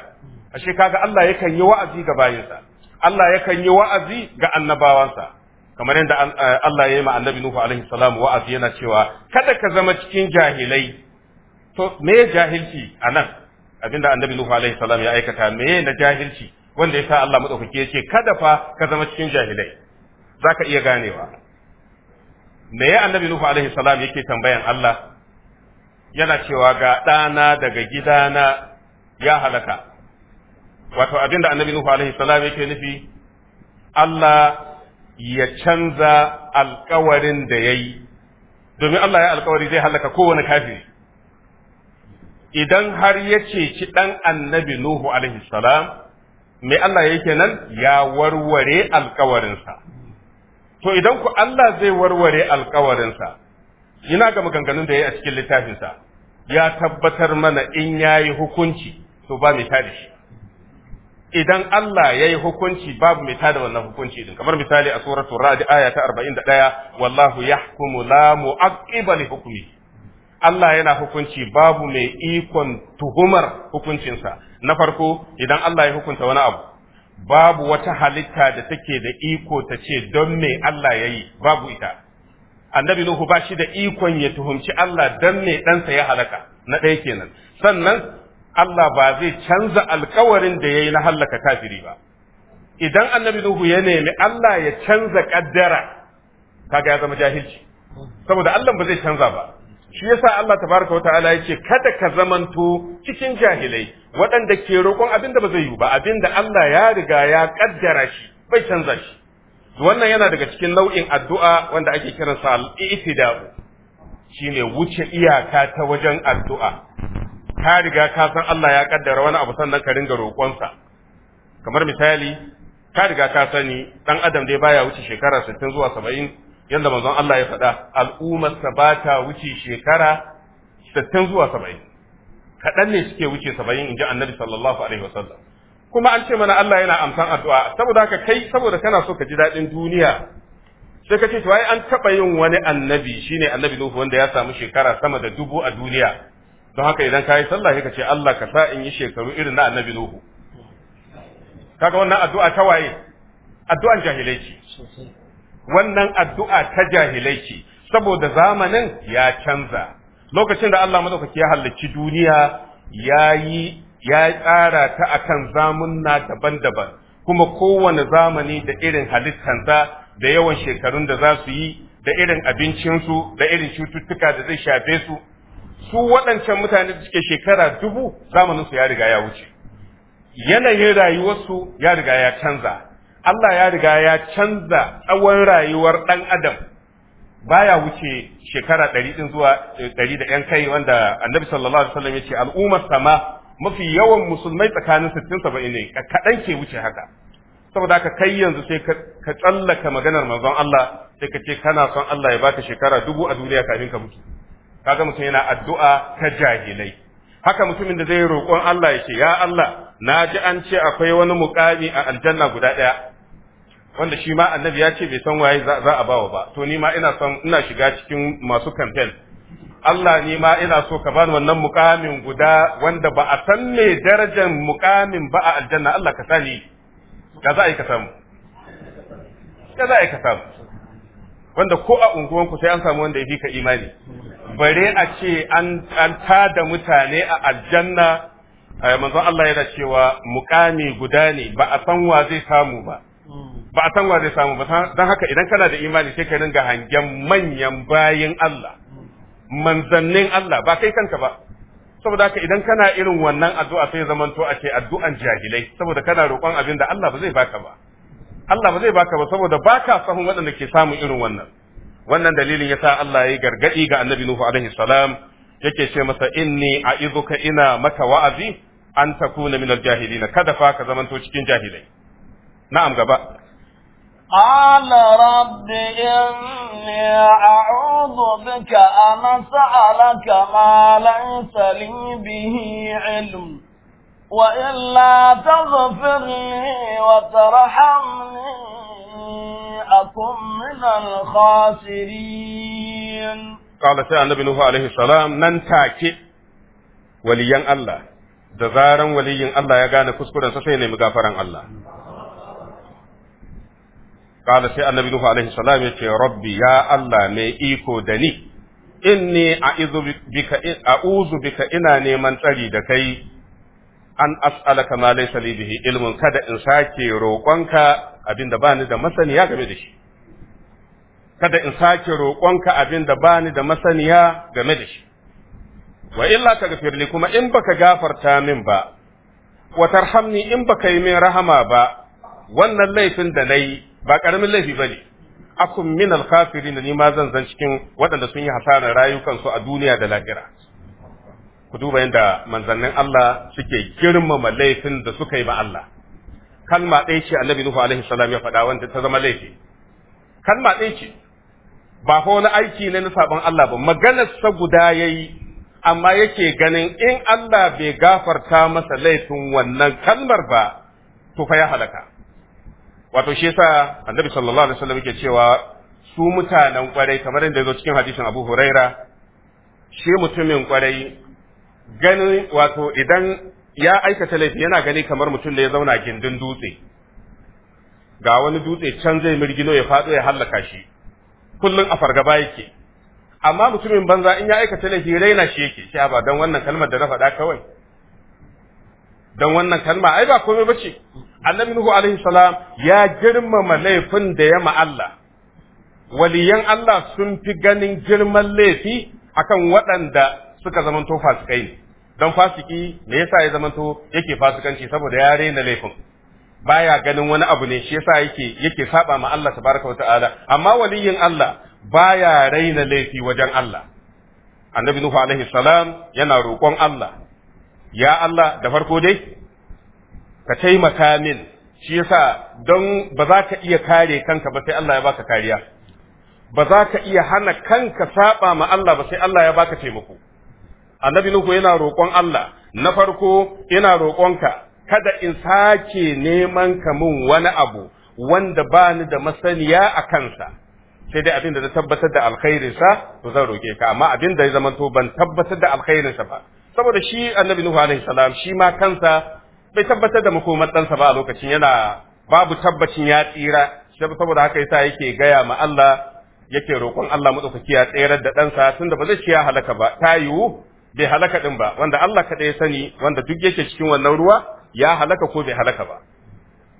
ashe kaga Allah yakan yi wa'azi ga bayinsa Allah yakan yi wa'azi ga annabawansa kamar yadda eh, Allah ya yi ma annabi Nuhu alaihi salam wa'azi yana cewa kada ka zama cikin jahilai to me jahilci a anan abinda annabi Nuhu alaihi salam ya aikata me na jahilci wanda ya sa Allah ya ce kada fa ka zama cikin jahilai za ka iya ganewa me ya annabi Nuhu alaihi salam yake tambayan Allah yana cewa ga ɗana daga gidana ya halaka wato abin da annabi Nuhu alaihi salam yake nufi Allah ya canza alkawarin da ya yi domin Allah ya alkawari zai halaka kowane kafiri idan har ya ceci ɗan annabi Nuhu alaihi salam me Allah yake nan ya warware alkawarinsa to idan ku Allah zai warware alkawarinsa ina ga maganganun da ya yi a cikin littafinsa ya tabbatar mana in ya yi hukunci to ba mai tada idan Allah ya yi hukunci babu mai tada wannan hukunci din kamar misali a suratu radi aya ta 41 wallahu yahkumu la mu'aqqiba li hukmi Allah yana hukunci babu mai ikon tuhumar hukuncinsa na farko idan Allah ya hukunta wani abu babu wata halitta da take da iko ta ce don me Allah ya yi babu ita annabi Nuhu ba shi da ikon ya tuhumci Allah don me ɗansa ya halaka na ɗaya kenan sannan Allah ba zai canza alkawarin da ya yi na hallaka kafiri ba idan annabi Nuhu ya nemi Allah ya canza kaddara kaga ya zama jahilci saboda Allah ba zai canza ba shi yasa Allah ta tabaraka wa ta'ala ce kada ka zamanto cikin jahilai waɗanda ke roƙon abin da ba zai yi ba abin da Allah ya riga ya ƙaddara shi bai canza shi wannan yana daga cikin nau'in addu'a wanda ake kiransa al-i'tida'u shine wuce iyaka ta wajen addu'a ka riga ka san Allah ya kaddara wani abu sannan ka ringa roƙonsa kamar misali ka riga ka sani dan adam dai baya wuce shekara 60 zuwa 70 yanda manzon Allah ya faɗa al'ummar sa ba ta wuce shekara 60 zuwa 70 kaɗan ne suke wuce 70 inji annabi sallallahu alaihi wasallam kuma an ce mana Allah yana amsan addu'a saboda haka kai saboda kana so ka ji daɗin duniya sai ka ce to ai an taɓa yin wani annabi shine annabi Nuhu wanda ya samu shekara sama da dubu a duniya don haka idan ka yi sallah sai ka ce Allah ka sa in yi shekaru irin na annabi Nuhu kaga wannan addu'a ta waye addu'an jahilai ce wannan addu'a ta jahilai ce saboda zamanin ya canza lokacin da Allah madaukaki ya halarci duniya yayi ya tsara ta akan zamunna daban-daban kuma kowane zamani da irin halittansa da yawan shekarun da za su yi da irin abincinsu da irin cututtuka da zai shafe su su waɗancan mutane da suke shekara dubu zamaninsu ya riga ya wuce yanayin rayuwarsu ya riga ya canza Allah ya riga ya canza tsawon rayuwar ɗan adam baya wuce shekara ɗari ɗin zuwa eh, ɗari da ‘yan kai wanda annabi sallallahu alaihi wasallam ya ce al'ummar sama mafi yawan musulmai tsakanin sittin saba'in ne kaɗan ke wuce haka saboda haka kai yanzu sai ka tsallaka maganar manzon Allah sai ka ce kana son Allah ya baka shekara dubu a duniya kafin ka mutu kaga mutum yana addu'a ta jahilai haka mutumin da zai roƙon Allah ya ce ya Allah na ji an ce akwai wani muƙami a aljanna guda ɗaya wanda shi ma annabi ya ce bai san waye za a bawa ba to ni ma ina son ina shiga cikin masu campaign Allah ni ma ina so ka bani wannan muƙamin guda wanda ba a san me darajar muƙamin ba a aljanna Allah ka sani ka za a yi ka samu ka za a yi ka samu wanda ko a unguwanku sai an samu wanda ya fi ka imani bare a ce an tada mutane a aljanna eh, manzon Allah yana cewa mukami guda ne ba a san wa zai samu ba ba a san wa zai samu ba don haka idan kana da imani sai ka ringa hangen manyan bayin Allah manzannin Allah ba kai kanka ba saboda haka idan kana irin wannan addu'a sai zamanto a ce addu'an jahilai saboda kana roƙon abin da Allah ba zai baka ba Allah ba zai baka ba saboda baka sahun waɗanda ke samun irin wannan wannan dalilin yasa Allah ya yi gargadi ga Annabi Nuhu alaihi salam yake ce masa inni izuka ina maka wa'azi an takuna minal jahilin kada fa ka zamanto cikin jahilai na'am gaba قال رب إني أعوذ بك أن أسألك ما ليس لي به علم وإلا تغفر لي وترحمني أكن من الخاسرين قال سيدنا النبي نوح عليه السلام ننتاكي وليا الله da zarar waliyin Allah ya gane kuskurensa sai nemi gafaran Allah. Kala sai annabi Nuhu alaihi ya ce, Rabbi ya Allah mai iko da ni, inni a bika ina neman tsari da kai an as'alaka ma laysa li bihi ilmun kada in sake roƙonka abinda bani da masaniya game da shi kada in sake roƙonka abinda bani da masaniya game da shi wa illa tagfir li kuma in baka gafarta min ba wa tarhamni in baka yi min rahama ba wannan laifin da nayi ba karamin laifi bane akun min al-kafirin ni ma zan zan cikin waɗanda sun yi hasara hasarar rayukansu a duniya da lahira ku duba yadda manzannin Allah suke girmama laifin da suka yi ba Allah kalma ɗaya ce annabi Nuhu alaihi salam ya faɗa wanda ta zama laifi kalma ɗaya ce ba ko wani aiki ne na sabon Allah ba maganar sa guda yayi amma yake ganin in Allah bai gafarta masa laifin wannan kalmar ba to fa ya halaka wato shi yasa annabi sallallahu alaihi wasallam yake cewa su mutanen kwarai kamar yadda ya zo cikin hadisin Abu Huraira shi mutumin kwarai ganin wato idan ya aikata laifi yana gani kamar mutum da ya zauna gindin dutse ga wani dutse can zai mirgino ya faɗo ya hallaka shi kullum a fargaba yake amma mutumin banza in ya aikata laifi raina shi yake shi ba don wannan kalmar da na faɗa kawai don wannan kalma ai ba komai bace annabi nuhu alaihi salam ya girmama laifin da ya ma Allah waliyan Allah sun fi ganin girman laifi akan waɗanda suka zamanto fasikai ne don fasiki me yasa ya zamanto yake fasikanci saboda ya rena laifin baya ganin wani abu ne shi yasa yake yake saba ma Allah tabaraka wataala amma waliyin Allah baya raina laifi wajen Allah annabi nuhu alaihi salam yana roƙon Allah ya Allah da farko dai ka taimaka min shi yasa don ba za ka iya kare kanka ba sai Allah ya baka kariya ba za ka iya hana kanka saba ma Allah ba sai Allah ya baka taimako annabi nuhu yana roƙon Allah na farko ina roƙonka kada in sake neman ka min wani abu wanda ba ni da masaniya a kansa sai dai abin da na tabbatar da alkhairinsa to zan roƙe ka amma abin da ya zama to ban tabbatar da alkhairinsa ba saboda shi annabi nuhu alaihi salam shi ma kansa bai tabbatar da makomar ɗansa ba a lokacin yana babu tabbacin ya tsira saboda haka yasa yake gaya ma Allah yake roƙon Allah maɗaukaki ya tsayar da ɗansa tunda ba zai ci ya halaka ba ta yiwu bai halaka din ba wanda Allah kada ya sani wanda duk yake cikin wannan ruwa ya halaka ko bai halaka ba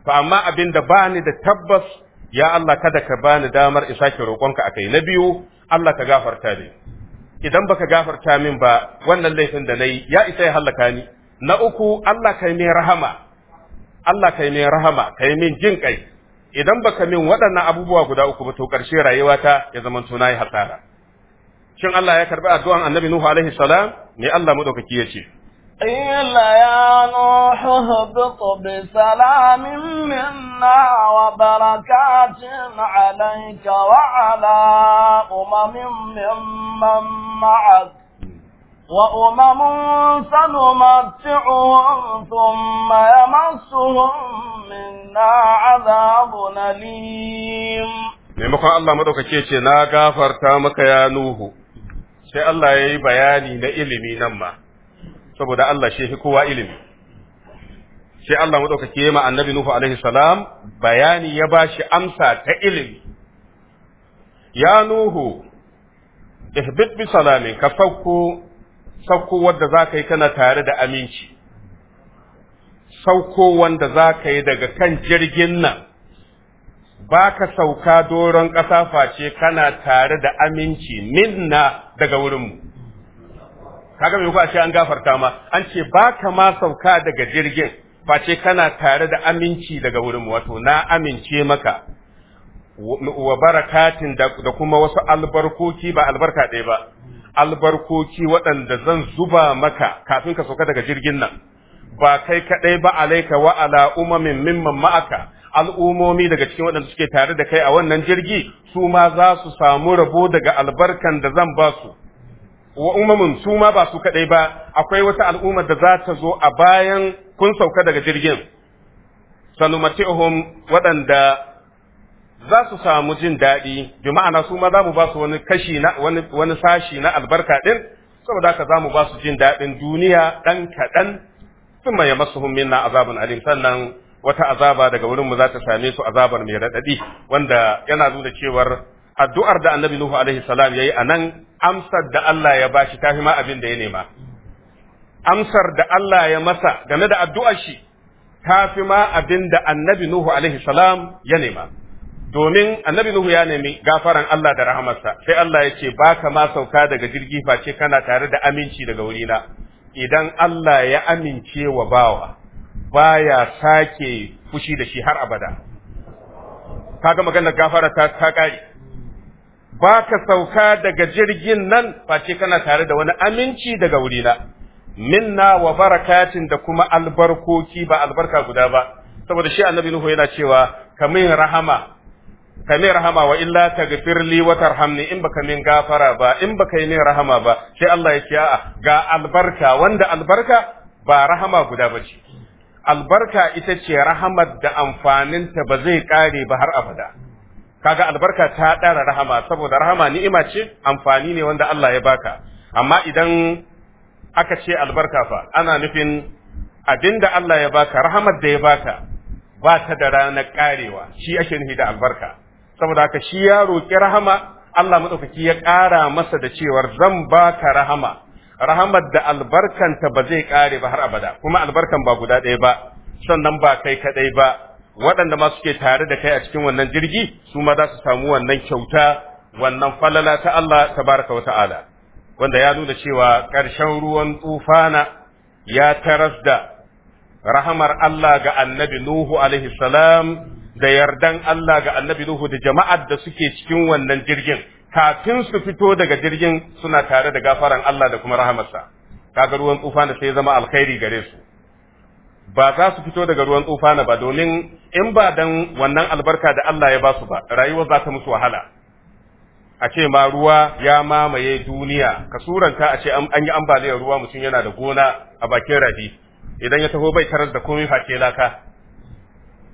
to amma abin da bani da tabbas ya Allah kada ka bani damar in sake roƙonka akai na biyu Allah ka gafarta ni idan baka gafarta min ba wannan laifin da nayi ya isa ya halaka ni na uku Allah kai mai rahama Allah kai mai rahama kai min jin kai idan baka min waɗannan abubuwa guda uku ba to ƙarshe rayuwata ya zama tuna yi hasara shin Allah ya karbi addu'an annabi Nuhu alaihi salam me Allah madaukaki ya ce قيل يا نوح اهبط بسلام منا وبركات عليك وعلى أمم ممن معك وأمم سنمتعهم ثم يمسهم منا عذاب أليم maimakon Allah madaukake ce na gafarta maka ya Nuhu sai Allah ya yi bayani na ilimi nan ma saboda Allah shi kowa ilimi sai Allah maɗaukaki ya ma annabi Nuhu alaihi salam bayani ya ba shi amsa ta ilimi ya Nuhu ihbit bi salamin ka sauko sauko wanda za ka yi kana tare da aminci sauko wanda za ka yi daga kan jirgin nan ba ka sauka doron ƙasa face kana tare da aminci minna daga wurinmu kaga mai kwace an gafarta ma an ce ba ka ma sauka daga jirgin face kana tare da aminci daga wurinmu wato na amince maka wa barakatin da kuma wasu albarkoki ba albarka ɗaya ba albarkoki waɗanda zan zuba maka kafin ka sauka daga jirgin nan ba kai kaɗai ba alaika wa ala umamin mimman ma'aka al'umomi daga cikin waɗanda suke tare da kai a wannan jirgi su ma za su samu rabo daga albarkan da zan ba su wa umamin su ma ba su kaɗai ba akwai wata al'ummar da za ta zo a bayan kun sauka daga jirgin sanumati'uhum waɗanda za su samu jin daɗi bi ma'ana su ma za mu ba su wani kashi na wani sashi na albarka ɗin saboda haka za mu ba su jin daɗin duniya ɗan kaɗan sun ya masu na azabun alim sannan wata azaba daga wurin mu za ta same su azabar mai radadi wanda yana nuna cewar addu'ar da annabi nuhu alaihi salam yayi anan amsar da Allah ya bashi tafi ma abin da ya nema amsar da Allah ya masa game da addu'ar shi tafi ma abin da annabi nuhu alaihi salam ya nema domin annabi nuhu ya nemi gafaran Allah da rahamarsa sai Allah ya ce baka ma sauka daga jirgi face kana tare da aminci daga wurina idan Allah ya amince wa bawa baya sake fushi da shi har abada kaga maganar gafara ta ta kare ba sauka daga jirgin nan face kana tare da wani aminci daga wurina minna wa barakatin da kuma albarkoki ba albarka guda ba saboda shi annabi nuhu yana cewa kamin rahama kamin rahama wa illa tagfir li wa tarhamni in baka min gafara ba in baka yi min rahama ba sai Allah ya ce a ga albarka wanda albarka ba rahama guda ba ce albarka ita ce rahamar da amfaninta ba zai kare ba har abada kaga albarka ta ɗara rahama saboda rahama ni'ima ce amfani ne wanda Allah ya baka amma idan aka ce albarka fa ana nufin abinda Allah ya baka rahamar da ya baka ba ta da ranar karewa shi ake nufi da albarka saboda haka shi ya roƙi rahama Allah maɗaukaki ya ƙara masa da cewar zan baka rahama rahamar da albarkanta ba zai kare ba har abada kuma albarkan ba guda ɗaya ba sannan ba kai kaɗai ba waɗanda ma suke tare da kai a cikin wannan jirgi su ma za su samu wannan kyauta wannan falala ta Allah tabaraka wa ta'ala wanda ya nuna cewa ƙarshen ruwan tufana ya taras da rahamar Allah ga annabi Nuhu alaihi salam da yardan Allah ga annabi Nuhu da jama'ar da suke cikin wannan jirgin kafin su fito daga jirgin suna tare da gafaran Allah da kuma rahamarsa kaga ruwan tsufa na sai zama alkhairi gare su ba za su fito daga ruwan tsufa na ba domin in ba dan wannan albarka da Allah ya ba su ba rayuwa za ta musu wahala a ce ma ruwa ya mamaye duniya ka suranta a ce an yi ambaliyar ruwa mutum yana da gona a bakin rafi idan ya taho bai tarar da komai face laka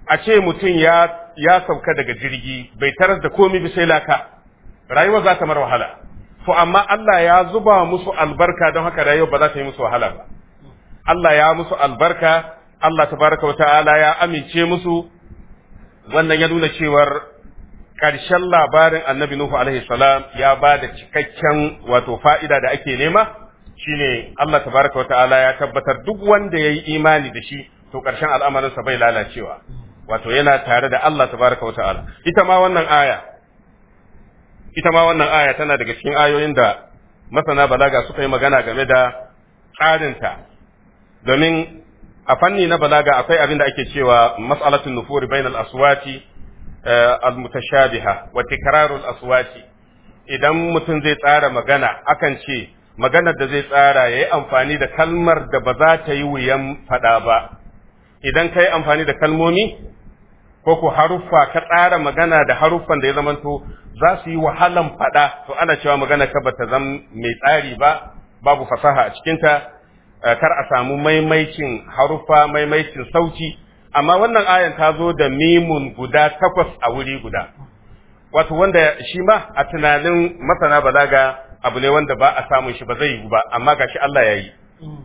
a ce mutum ya sauka daga jirgi bai tarar da komai bisai laka Rayuwa za ta mara wahala to amma Allah ya zuba musu albarka don haka rayuwar ba za ta yi musu wahala ba Allah ya musu albarka Allah tabaraka wa ta'ala ya amince musu wannan ya nuna cewar ƙarshen labarin annabi Nuhu alaihi salam ya ba da cikakken wato fa'ida da ake nema shine Allah tabaraka wa ta'ala ya tabbatar duk wanda ya yi imani da shi to ƙarshen al'amarinsa bai lalacewa wato yana tare da Allah tabaraka wa ta'ala ita ma wannan aya ita ma wannan aya tana daga cikin ayoyin da masana balaga suka yi magana game da tsarinta domin a fanni na balaga akwai abin da ake cewa mas'alatin nufuri bainal aswati eh, al-mutashabiha wa al aswati idan mutum zai tsara magana akan ce maganar da zai tsara yayi amfani da kalmar da ba za ta yi wuyan fada ba idan kai amfani da kalmomi ko ko haruffa ka tsara magana da haruffan da ya zamanto za su yi wahalan faɗa to ana cewa magana ka bata zama mai tsari ba babu fasaha a cikinta eh, kar a samu maimaicin haruffa maimaicin sauti amma wannan ayan ta zo da mimun guda takwas a wuri guda wato wanda shi ma a tunanin masana balaga abu ne wanda ba a samun shi ba zai yi ba amma gashi Allah ya yi mm.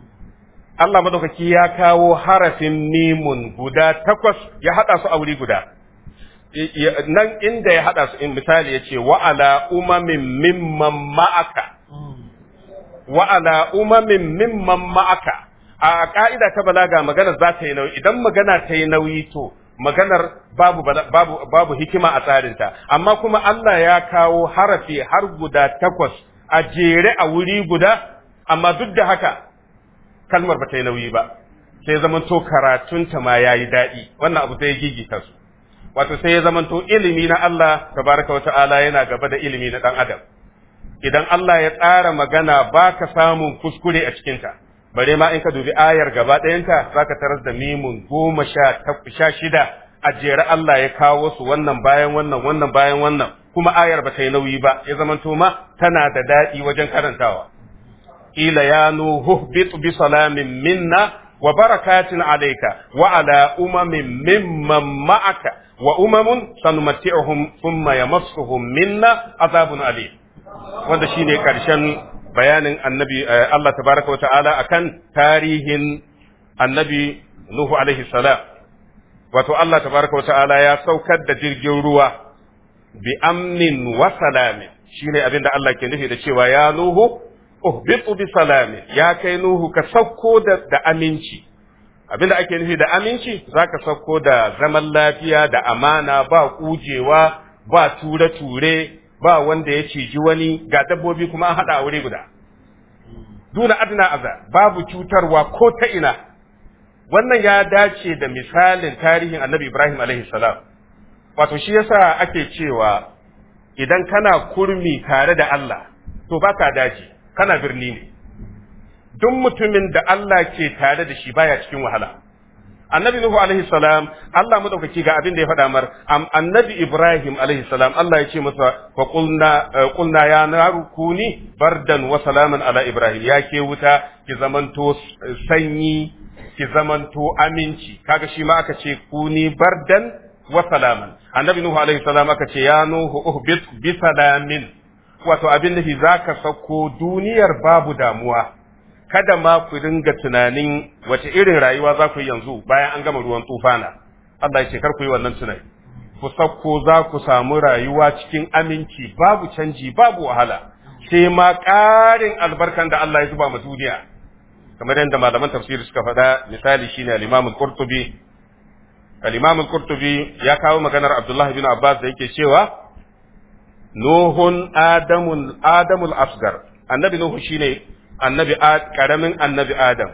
Allah madaukaki ya kawo harafin mimun guda takwas ya haɗa su a wuri guda nan inda ya haɗa su in misali ya ce wa'ala umamin mimman ma'aka wa'ala umamin mimman ma'aka a ƙa'ida ta balaga maganar za ta yi nauyi idan magana ta yi nauyi to maganar babu, babu, babu hikima a tsarinta, amma kuma Allah ya kawo harafi har guda takwas a jere a wuri guda, amma duk da haka kalmar ba ta yi nauyi ba sai zamanto karatunta ma ya yi daɗi wannan abu sai ya gigita su wato sai ya zamanto ilimi na Allah tabaraka wa ta'ala yana gaba da ilimi na ɗan adam idan Allah ya tsara magana baka samun kuskure a cikinta bare ma in ka dubi ayar gaba ɗayanta zaka tarar da mimun goma sha sha shida a jere Allah ya kawo su wannan bayan wannan wannan bayan wannan kuma ayar ba ta yi nauyi ba ya zamanto ma tana da daɗi wajen karantawa ila ya nuhu bit bi salamin minna wa barakatin alayka wa ala umamin mimman ma'aka wa umamun sanumatti'uhum thumma yamassuhum minna azabun alim wanda shine karshen bayanin annabi Allah tabaraka wa ta'ala akan tarihin annabi Nuhu alaihi salam wato Allah tabaraka wa ta'ala ya saukar da jirgin ruwa bi amnin wa salamin shine abinda Allah ke nufi da cewa ya Nuhu uhbitu bi salami ya kai nuhu ka sauko da, da aminci abinda ake nufi da aminci zaka sauko da zaman lafiya da amana ba kujewa ba ture ture ba wanda ya ciji wani ga dabbobi kuma an hada a guda duna adna aza babu cutarwa ko ta ina wannan ya dace da misalin tarihin annabi ibrahim alaihi salam wato shi yasa ake cewa idan kana kurmi tare da Allah to baka daji kana birni ne duk mutumin da Allah ke tare da shi baya cikin wahala annabi nuhu alaihi salam Allah madaukaki ga abin da ya faɗa mar annabi ibrahim alaihi salam Allah ya ce masa fa qulna eh, qulna ya naru kuni bardan wa salaman ala ibrahim ya ke wuta ki zamanto eh, sanyi ki zamanto aminci kaga shi ma aka ce kuni bardan wa salaman annabi nuhu alaihi salam aka ce ya nuhu uhbit bi salamin wato abin nufi za ka sauko duniyar babu damuwa kada ma ku dinga tunanin wace irin rayuwa za ku yi yanzu bayan an gama ruwan tufana Allah ya ce kar ku yi wannan tunani ku sauko za ku samu rayuwa cikin aminci babu canji babu wahala sai ma ƙarin albarkan da Allah ya zuba ma duniya kamar yadda malaman tafsiri suka faɗa misali shine al-Imam al-Qurtubi al-Imam qurtubi ya kawo maganar Abdullah bin Abbas da yake cewa nuhun adamul adamul asgar annabi nuhu shine annabi karamin annabi adam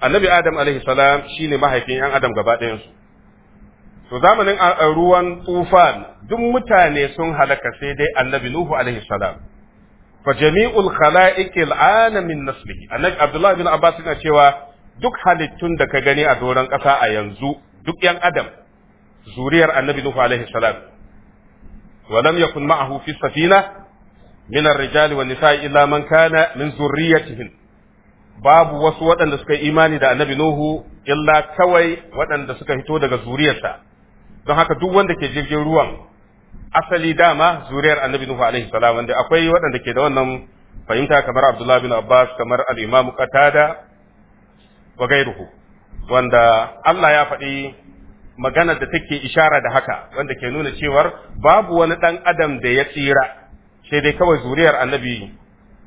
annabi adam alaihi salam shine mahaifin yan adam gaba su to zamanin ruwan tufan duk mutane sun halaka sai dai annabi nuhu alaihi salam fa jami'ul khalaiqil alamin naslihi annabi abdullah bin abbas yana cewa duk halittun da ka gani a doron ƙasa a yanzu duk yan adam zuriyar annabi nuhu alaihi salam ولم يكن معه في السفينة من الرجال والنساء إلا من كان من ذريتهم باب وسوة أن سكي إيماني دا النبي نوه إلا كوي وأن سكي هتو دا ذريتا don haka duk wanda ke jirgin ruwan asali dama zuriyar annabi nuhu alaihi salam wanda akwai waɗanda ke da wannan fahimta kamar abdullahi bin abbas kamar al-imam qatada wa gairuhu wanda Allah ya faɗi magana da take ishara da haka wanda ke nuna cewar babu wani dan adam da ya tsira sai dai kawai zuriyar annabi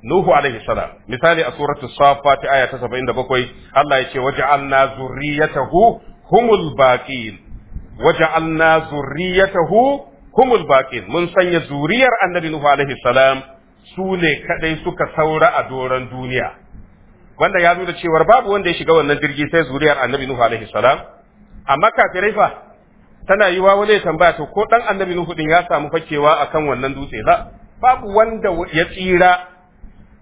Nuhu alaihi salam misali a suratu Safat aya ta 77 Allah ya ce waja'alna zurriyatahu humul baqin waja'alna zurriyatahu humul baqin mun sanya zuriyar annabi Nuhu alaihi salam su ne kadai suka saura a doron duniya wanda ya nuna cewar babu wanda ya shiga wannan jirgi sai zuriyar annabi Nuhu alaihi salam amma kafirai fa tana yi wa wani tambaya to ko dan annabi nuhu din ya samu fakewa akan wannan dutse la babu wanda ya tsira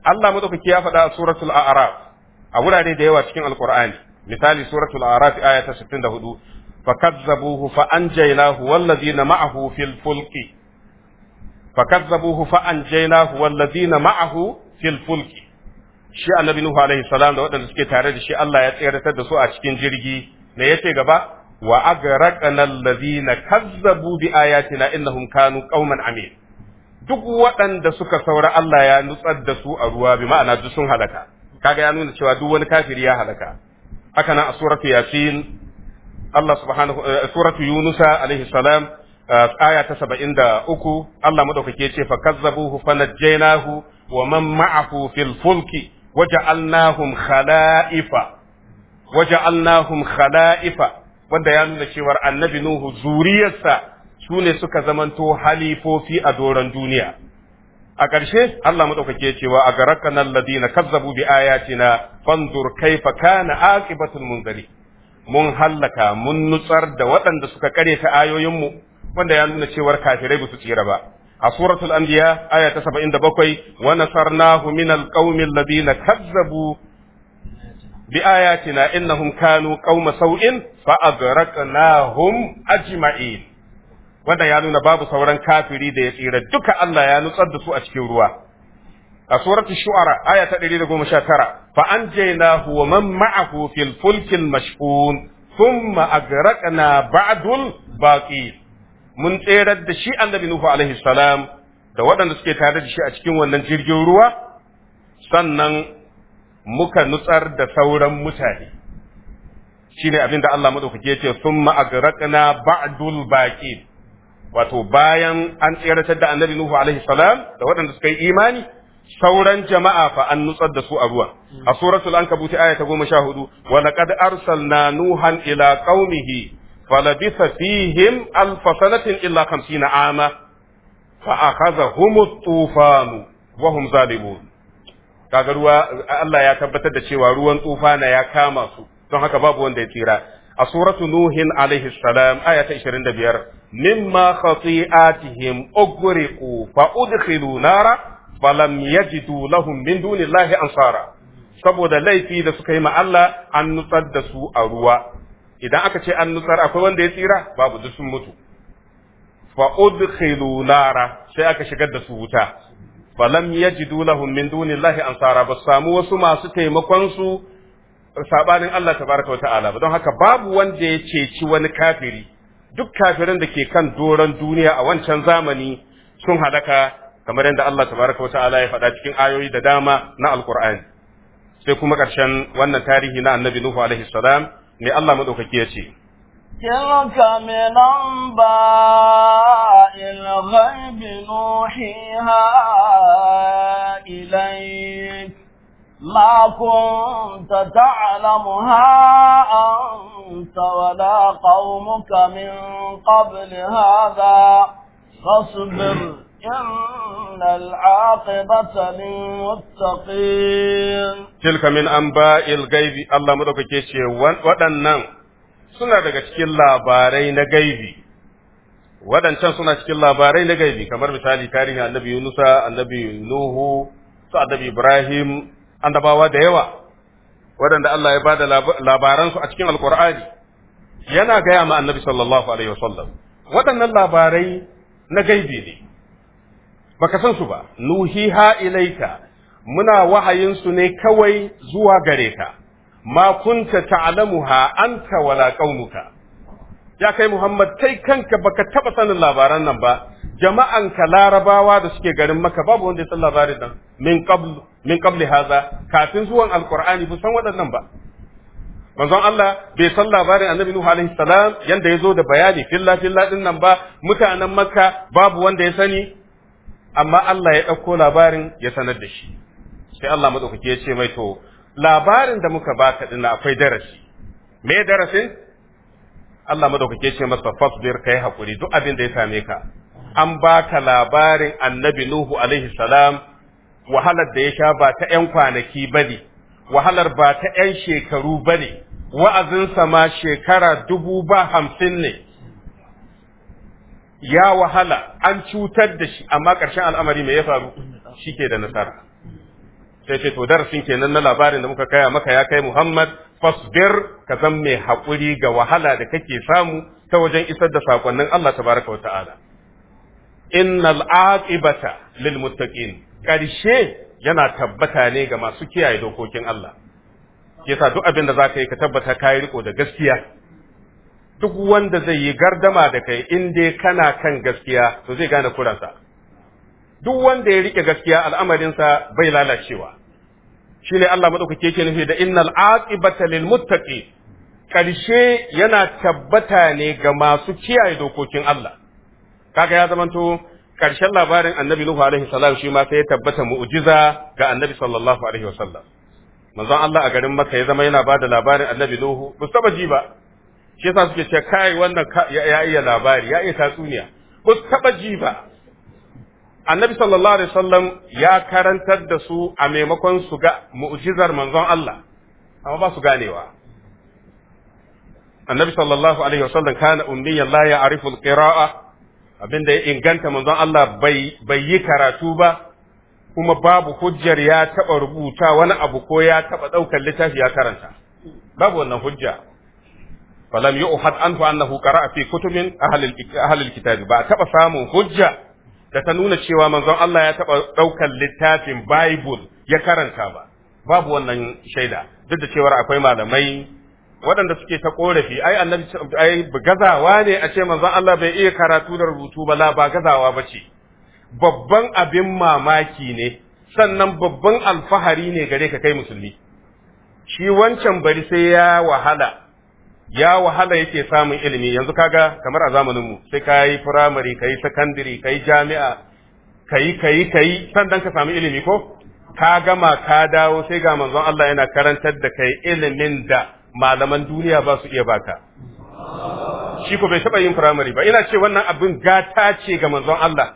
Allah madaukaki ya faɗa a suratul a'raf a wurare da yawa cikin alqur'ani misali suratul a'raf aya ta 64 fakazzabuhu fa anjaynahu wallazina ma'ahu fil fulki fakazzabuhu fa anjaynahu wallazina ma'ahu fil fulki shi annabi nuhu alaihi salam da waɗanda suke tare da shi Allah ya tsayar da su a cikin jirgi me yace gaba wa agraqna allazina kazzabu bi ayatina innahum kanu qauman amin duk waɗanda suka saura Allah ya nutsar da su a ruwa bi ma'ana duk sun halaka kaga ya nuna cewa duk wani kafiri ya halaka haka nan a suratu yasin Allah subhanahu eh, suratu yunusa alaihi salam eh, aya ta 73 Allah madaukake ce fa kazzabuhu fanajjaynahu wa man ma'ahu fil fulki waja'alnahum khala'ifa waja'alnahum khala'ifa wanda ya nuna cewar annabi Nuhu zuriyarsa su ne suka zamanto halifofi a doron duniya. A ƙarshe Allah maɗaukaki cewa a garaka nan ladina kazzabu bi na fanzur kaifa kana aqibatul munzari mun hallaka mun nutsar da waɗanda suka kare ta ayoyinmu wanda ya nuna cewar kafirai ba su tsira ba. A suratul anbiya aya ta 77 wa nasarnahu minal qaumil ladina kazzabu bi ayatina innahum kanu qauma sau'in fa aghraqnahum ajma'in wanda ya nuna babu sauran kafiri da ya tsira duka Allah ya nutsar da su a cikin ruwa a suratu shu'ara aya ta 119 fa anjaynahu wa man ma'ahu fil fulkil mashhun thumma agraqna ba'dul baqi mun tserar da shi annabi nuhu alaihi salam da waɗanda suke tare da shi a cikin wannan jirgin ruwa sannan muka nutsar da sauran mutane shine abin da Allah madaukake yace summa agraqna ba'dul baqin wato bayan an tseratar da annabi nuhu alaihi salam da waɗanda suka yi imani sauran jama'a fa an nutsar da su a ruwa a suratul ankabut aya ta 14 wa laqad arsalna nuhan ila qaumihi falabitha fihim alf sanatin illa 50 ama fa akhadhahum at-tufan wa hum zalimun kaga ruwa Allah ya tabbatar da cewa ruwan tsufa na ya kama su don haka babu wanda ya tsira a suratu nuhin alaihi salam aya ta 25 mimma khati'atihim ughriqu fa udkhilu nara falam yajidu lahum min dunillahi ansara saboda laifi da suka yi ma Allah an nutsar da su a ruwa idan aka ce an nutsar akwai wanda ya tsira babu duk sun mutu fa udkhilu nara sai aka shigar da su wuta falam yajidu lahum min dunillahi ansara ba samu wasu masu taimakon su sabanin Allah tabaraka wa ta'ala don haka babu wanda ya ceci wani kafiri duk kafirin da ke kan doron duniya a wancan zamani sun halaka kamar yadda Allah tabaraka wa ta'ala ya faɗa cikin ayoyi da dama na alqur'ani sai kuma ƙarshen wannan tarihi na annabi nuhu alaihi salam ne Allah maɗaukaki ya ce تلك من أنباء الغيب نوحيها إليك ما كنت تعلمها أنت ولا قومك من قبل هذا فاصبر إن العاقبة للمتقين تلك من أنباء الغيب الله مدوك كيشي ودنن suna daga cikin labarai na gaibi waɗancan suna cikin labarai na gaibi kamar misali tarihin annabi yunusa annabi nuhu su annabi ibrahim annabawa da yawa waɗanda allah ya bada labaransu a cikin alkur'ani yana gaya ma annabi sallallahu alaihi wasallam waɗannan labarai na gaibi ne baka san su ba nuhiha ilaika muna wahayinsu ne kawai zuwa gare ka ma kunta ta'lamuha an wala qaumuka ya kai Muhammad kai kanka baka taɓa sanin labaran nan ba jama'an ka larabawa da suke garin maka babu wanda ya san labarin nan min qabl haza kafin zuwan Alƙur'ani bu san waɗannan ba manzon Allah bai san labarin annabi Nuhu alaihi salam yanda ya zo da bayani filla filla din nan ba mutanen makka babu wanda ya sani amma Allah ya ɗauko labarin ya sanar da shi sai Allah madaukake ya ce mai to labarin da muka baka din akwai darasi me darasin Allah madaukake ce masa fasbir kai hakuri duk abin da ya same ka an baka labarin annabi nuhu alaihi salam wahalar da ya sha ba ta yan kwanaki bane wahalar ba ta yan shekaru bane wa'azinsa ma shekara dubu ba hamsin ne ya wahala an cutar da shi amma ƙarshen al'amari mai ya faru shi ke da nasara sai ce to darasin kenan na labarin da muka kaya maka ya kai Muhammad fasbir ka zan mai haƙuri ga wahala da kake samu ta wajen isar da sakonnin Allah tabaraka wa ta'ala innal aqibata lil muttaqin karshe yana tabbata ne ga masu kiyaye dokokin Allah yasa duk abin da zaka yi ka tabbata ka yi riko da gaskiya duk wanda zai yi gardama da kai in dai kana kan gaskiya to zai gane kuransa duk wanda ya rike gaskiya al'amarinsa bai lalacewa shine Allah madaukake yake nufi da innal aqibata lil muttaqi karshe yana tabbata ne ga masu kiyaye dokokin Allah kaga ya zamanto karshen labarin annabi nuhu alaihi salam shi ma sai ya tabbata mu'jiza ga annabi sallallahu alaihi wasallam manzon Allah a garin Makka ya zama yana bada labarin annabi nuhu ji ba shi yasa suke cewa kai wannan ya iya labari ya iya tatsuniya ji ba annabi sallallahu alaihi wasallam ya karantar da su a maimakon su ga mu'jizar manzon Allah amma ba su ganewa annabi sallallahu alaihi wasallam kana ummiyan la ya'rifu qiraa abinda ya inganta manzon Allah bai bai yi karatu ba kuma babu hujjar ya taba rubuta wani abu ko ya taba daukar littafi ya karanta babu wannan hujja falam yu'had anhu annahu qara'a fi kutubin ahli al-kitabi ba taba samun hujja da ta nuna cewa manzon Allah ya taɓa ɗaukar littafin Bible ya karanta ba, babu wannan shaida, duk da cewar akwai malamai waɗanda suke ta ƙorafi, ai annabi ai gazawa ne a ce manzon Allah bai iya karatu da rubutu ba la ba gazawa ba ce. Babban abin mamaki ne, sannan babban alfahari ne gare ka kai musulmi. Shi wancan bari sai ya wahala ya wahala yake samun ilimi yanzu kaga kamar a zamaninmu sai ka yi firamare ka yi sakandiri ka yi jami'a ka yi ka yi ka yi ka samu ilimi ko ka gama ka dawo sai ga manzon Allah yana karantar da kai ilimin da malaman duniya ba su iya baka shi ko bai taba yin firamare ba ina ce wannan abin gata ce ga manzon Allah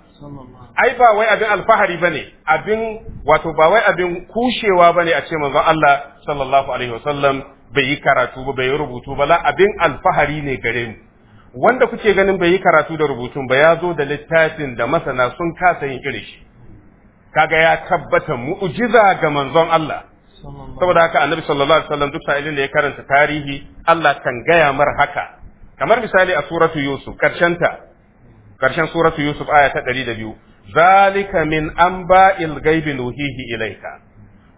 ai ba wai abin alfahari bane abin wato ba wai abin kushewa bane a ce manzon Allah sallallahu alaihi wasallam bai yi karatu ba bai yi rubutu ba la abin alfahari ne gare mu wanda kuke ganin bai yi karatu da rubutun ba ya zo da littafin da masana sun kasa yin irin shi kaga ya tabbata mu'jiza ga manzon Allah saboda haka annabi sallallahu alaihi wasallam duk sa'ilin da ya karanta tarihi Allah kan gaya mar haka kamar misali a suratu yusuf karshen ta karshen suratu yusuf aya ta 102 zalika min anba'il ghaibi nuhihi ilaika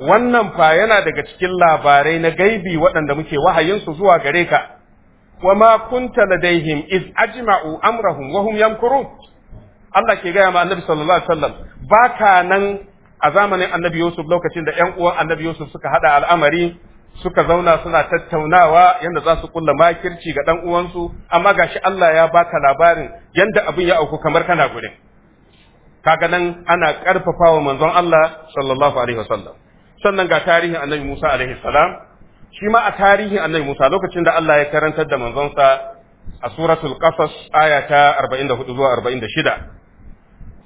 wannan fa yana daga cikin labarai na gaibi waɗanda muke wahayinsu zuwa gare ka wa ma kunta ladaihim iz ajma'u amrahum wa hum yamkurun Allah ke gaya ma annabi sallallahu alaihi wasallam baka nan a zamanin annabi Yusuf lokacin da ƴan uwan annabi Yusuf suka hada al'amari suka zauna suna tattaunawa yadda za su kulla makirci ga ɗan uwansu amma gashi Allah ya baka labarin yadda abin ya auku kamar kana gure kaga nan ana ƙarfafawa manzon Allah sallallahu alaihi wasallam sannan ga tarihin annabi Musa alaihi salam shi ma a tarihin annabi Musa lokacin da Allah ya karantar da manzonsa a suratul qasas aya ta 44 zuwa 46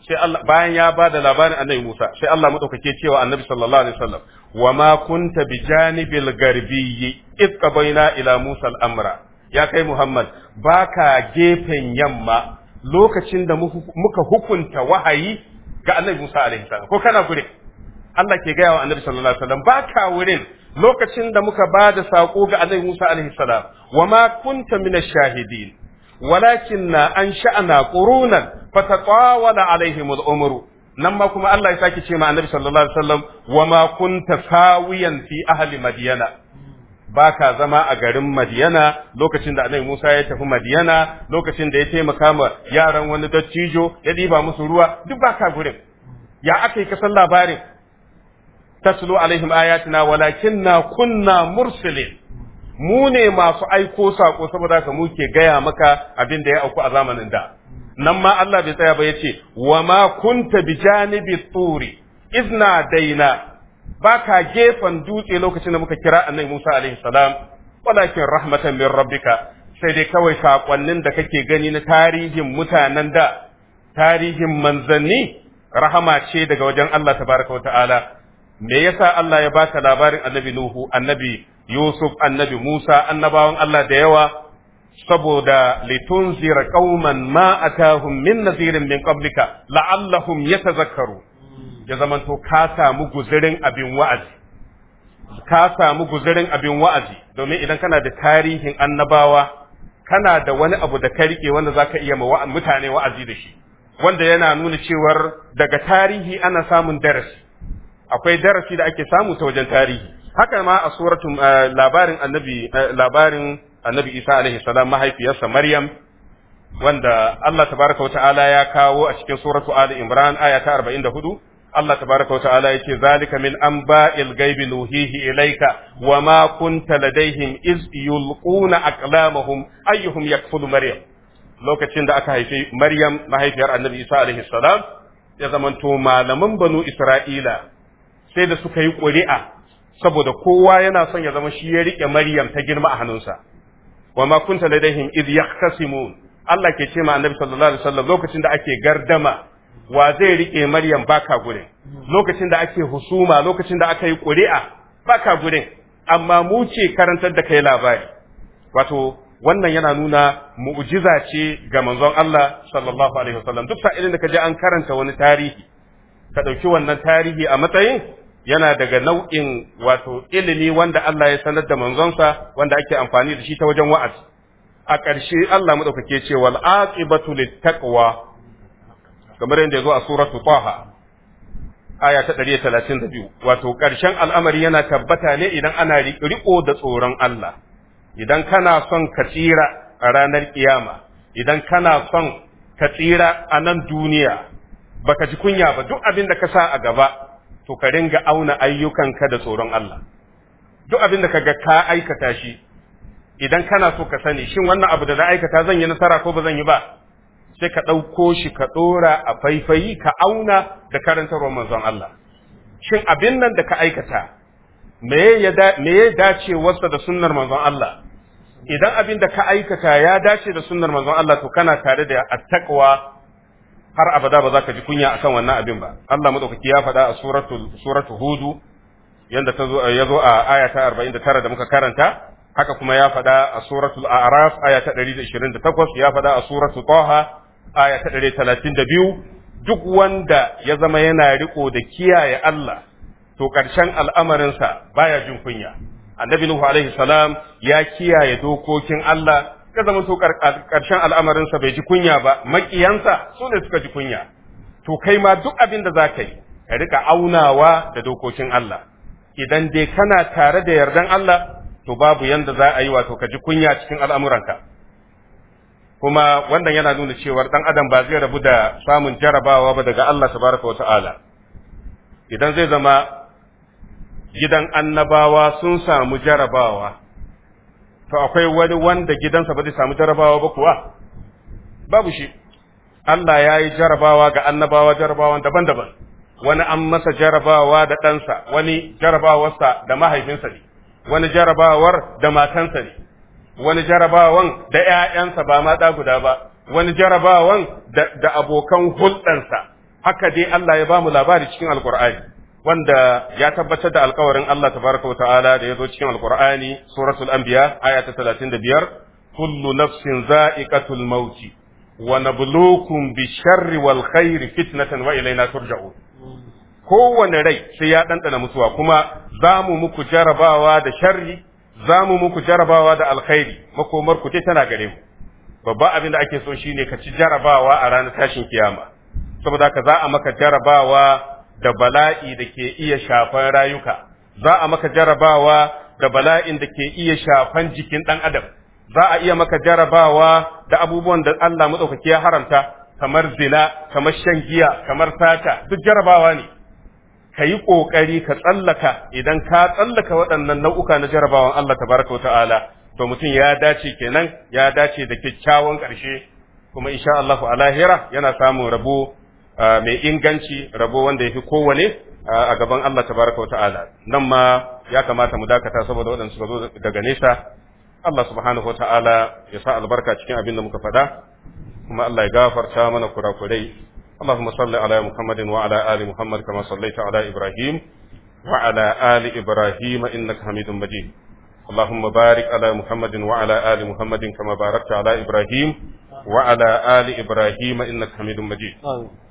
sai Allah bayan ya ba da labarin annabi Musa sai Allah madaukake cewa annabi sallallahu alaihi wasallam wa ma kunta bijanibil garbiyyi id qabaina ila Musa al-amra ya kai Muhammad baka gefen yamma lokacin da muka hukunta wahayi ga annabi Musa alaihi salam ko kana gure Allah ke gaya wa annabi sallallahu alaihi wasallam ba ka wurin lokacin da muka ba da saƙo ga annabi Musa alaihi salam wa ma kunta min ash-shahidin walakinna ansha'na qurunan fatatawala alaihim al-umru nan ma kuma Allah ya sake ce ma annabi sallallahu alaihi wasallam wa ma kunta sawiyan fi ahli madyana ba ka zama a garin Madiyana lokacin da Annabi Musa ya tafi Madiyana lokacin da ya taimaka ma yaran wani dattijo ya ɗiba musu ruwa duk ba ka gurin ya aka yi kasan labarin tatlu alaihim ayatina walakinna kunna mursilin mu ne masu aiko sako saboda ka muke gaya maka abin da ya auku a zamanin da nan ma Allah bai tsaya ba yace wa ma kunta janibi turi izna daina baka gefen dutse lokacin da muka kira annabi Musa alaihi salam walakin rahmatan min rabbika sai dai kawai sakonnin da kake gani na tarihin mutanen da tarihin manzanni rahama ce daga wajen Allah tabaraka wa ta'ala me yasa Allah ya baka labarin annabi Nuhu annabi Yusuf annabi Musa annabawan Allah da yawa saboda litunzira qauman ma atahum min nazirin min qablika la'allahum yatazakkaru ya zamanto ka samu guzurin abin wa'azi ka samu guzurin abin wa'azi domin idan kana da tarihin annabawa kana da wani abu da ka riƙe wanda zaka iya mutane wa'azi da shi wanda yana nuna cewar daga tarihi ana samun darasi akwai darasi da ake samu ta wajen tarihi haka ma a suratun eh, labarin annabi eh, labarin annabi Isa alaihi salam mahaifiyarsa Maryam wanda Allah tabaraka wa ta'ala ya kawo a cikin suratu Ali Imran aya ta 44 Allah tabaraka wa ta'ala yake zalika min anba'il ghaibi nuhihi ilayka wama kunta ladaihim iz yulquna aqlamahum ayyuhum yakfulu maryam lokacin da aka haifi Maryam mahaifiyar Annabi Isa alaihi salam ya zamanto malaman banu Isra'ila sai da suka yi ƙuri'a saboda kowa yana son ya zama shi ya riƙe Maryam ta girma a hannunsa wa ma kunta ladaihim idh yaqtasimun Allah ke ce ma Annabi sallallahu alaihi wasallam lokacin da ake gardama wa zai riƙe Maryam baka gure lokacin da ake husuma lokacin da aka yi ƙuri'a baka gure amma mu ce karantar da kai labari wato wannan yana nuna mu'jiza ce ga manzon Allah sallallahu alaihi wasallam duk sa'ilin da kaje an karanta wani tarihi ka ɗauki wannan tarihi a matsayin yana daga nau'in wato ilimi wanda Allah ya sanar da manzonsa wanda ake amfani da shi ta wajen wa'azi a ƙarshe Allah madaukake ce wal aqibatu taqwa kamar yadda zo a suratu taha aya ta 132 wato ƙarshen al'amari yana tabbata ne idan ana riko da tsoron Allah idan kana son ka tsira a ranar kiyama idan kana son ka tsira a nan duniya baka ji kunya ba duk abin da ka sa a gaba to ka ringa auna ka da tsoron Allah duk abin da kaga ka aikata shi idan kana so ka sani shin wannan abu da na aikata zan yi nasara ko ba zan yi ba sai ka ɗauko shi ka ɗora a faifayi ka auna da karantarwar manzon Allah shin abin nan da ka aikata me ya dace wasa da sunnar manzon Allah idan abin da ka aikata ya dace da sunnar manzon Allah to kana tare da attaqwa har abada ba za ka ji kunya akan wannan abin ba Allah madaukaki ya faɗa a suratul suratu hudu yanda ta ya zo a aya ta 49 da muka karanta haka kuma ya faɗa a suratul a'raf aya ta 128 ya faɗa a suratul taha aya ta 132 duk wanda ya zama yana riko da kiyaye Allah to ƙarshen al'amarinsa baya jin kunya annabi nuhu alaihi salam ya kiyaye dokokin Allah suka zama to ƙarshen al'amarinsa bai ji kunya ba makiyansa su ne suka ji kunya to kai ma duk abin da za ka yi ka rika aunawa da dokokin Allah idan dai kana tare da yardan Allah to babu yanda za a yi wato ka ji kunya cikin al'amuranka kuma wannan yana nuna cewa dan adam ba zai rabu da samun jarabawa ba daga Allah tabaraka wata'ala idan zai zama gidan annabawa sun samu jarabawa to akwai wani wanda gidansa ba zai samu jarabawa ba kuwa babu shi Allah ya yi jarabawa ga annabawa jarabawan daban-daban wani an masa jarabawa da ɗansa wani jarabawarsa da mahaifinsa ne wani jarabawar da matansa ne wani jarabawan da ‘ya'yansa ba ma ɗa guda ba wani jarabawan da abokan hulɗansa haka dai Allah ya ba mu labari cikin alkur'ani wanda ya tabbatar da alkawarin Allah tabaraka ta'ala da ya zo cikin alkur'ani suratul anbiya aya ta biyar. kullu nafsin za'iqatul maut wa nabluukum sharri wal khairi fitnatan wa ilaina turja'un kowane rai sai ya ɗanɗana mutuwa kuma za mu muku jarabawa da sharri za mu muku jarabawa da alkhairi makomar ku tana gare mu babban abin da ake so shine ka ci jarabawa a ranar tashin kiyama saboda ka za a maka jarabawa da bala'i da ke iya shafan rayuka za a maka jarabawa da bala'in da ke iya shafan jikin ɗan adam za a iya maka jarabawa da abubuwan da Allah maɗaukaki ya haramta kamar zina kamar shan giya kamar sata duk jarabawa ne ka yi ƙoƙari ka tsallaka idan ka tsallaka waɗannan nau'uka na jarabawan Allah ta wa ta'ala to mutum ya dace kenan ya dace da kyakkyawan ƙarshe kuma insha Allahu a lahira yana samun rabo mai inganci rabo wanda ya fi kowane a gaban Allah tabaraka wa ta'ala nan ma ya kamata mu dakata saboda waɗanda suka zo daga nesa Allah subhanahu wa ta'ala ya sa albarka cikin abin da muka faɗa kuma Allah ya gafarta mana kurakurai اللهم صل على محمد وعلى آل محمد كما صليت على إبراهيم وعلى آل إبراهيم إنك حميد مجيد اللهم بارك على محمد وعلى آل محمد كما باركت على إبراهيم وعلى آل إبراهيم إنك حميد مجيد آه.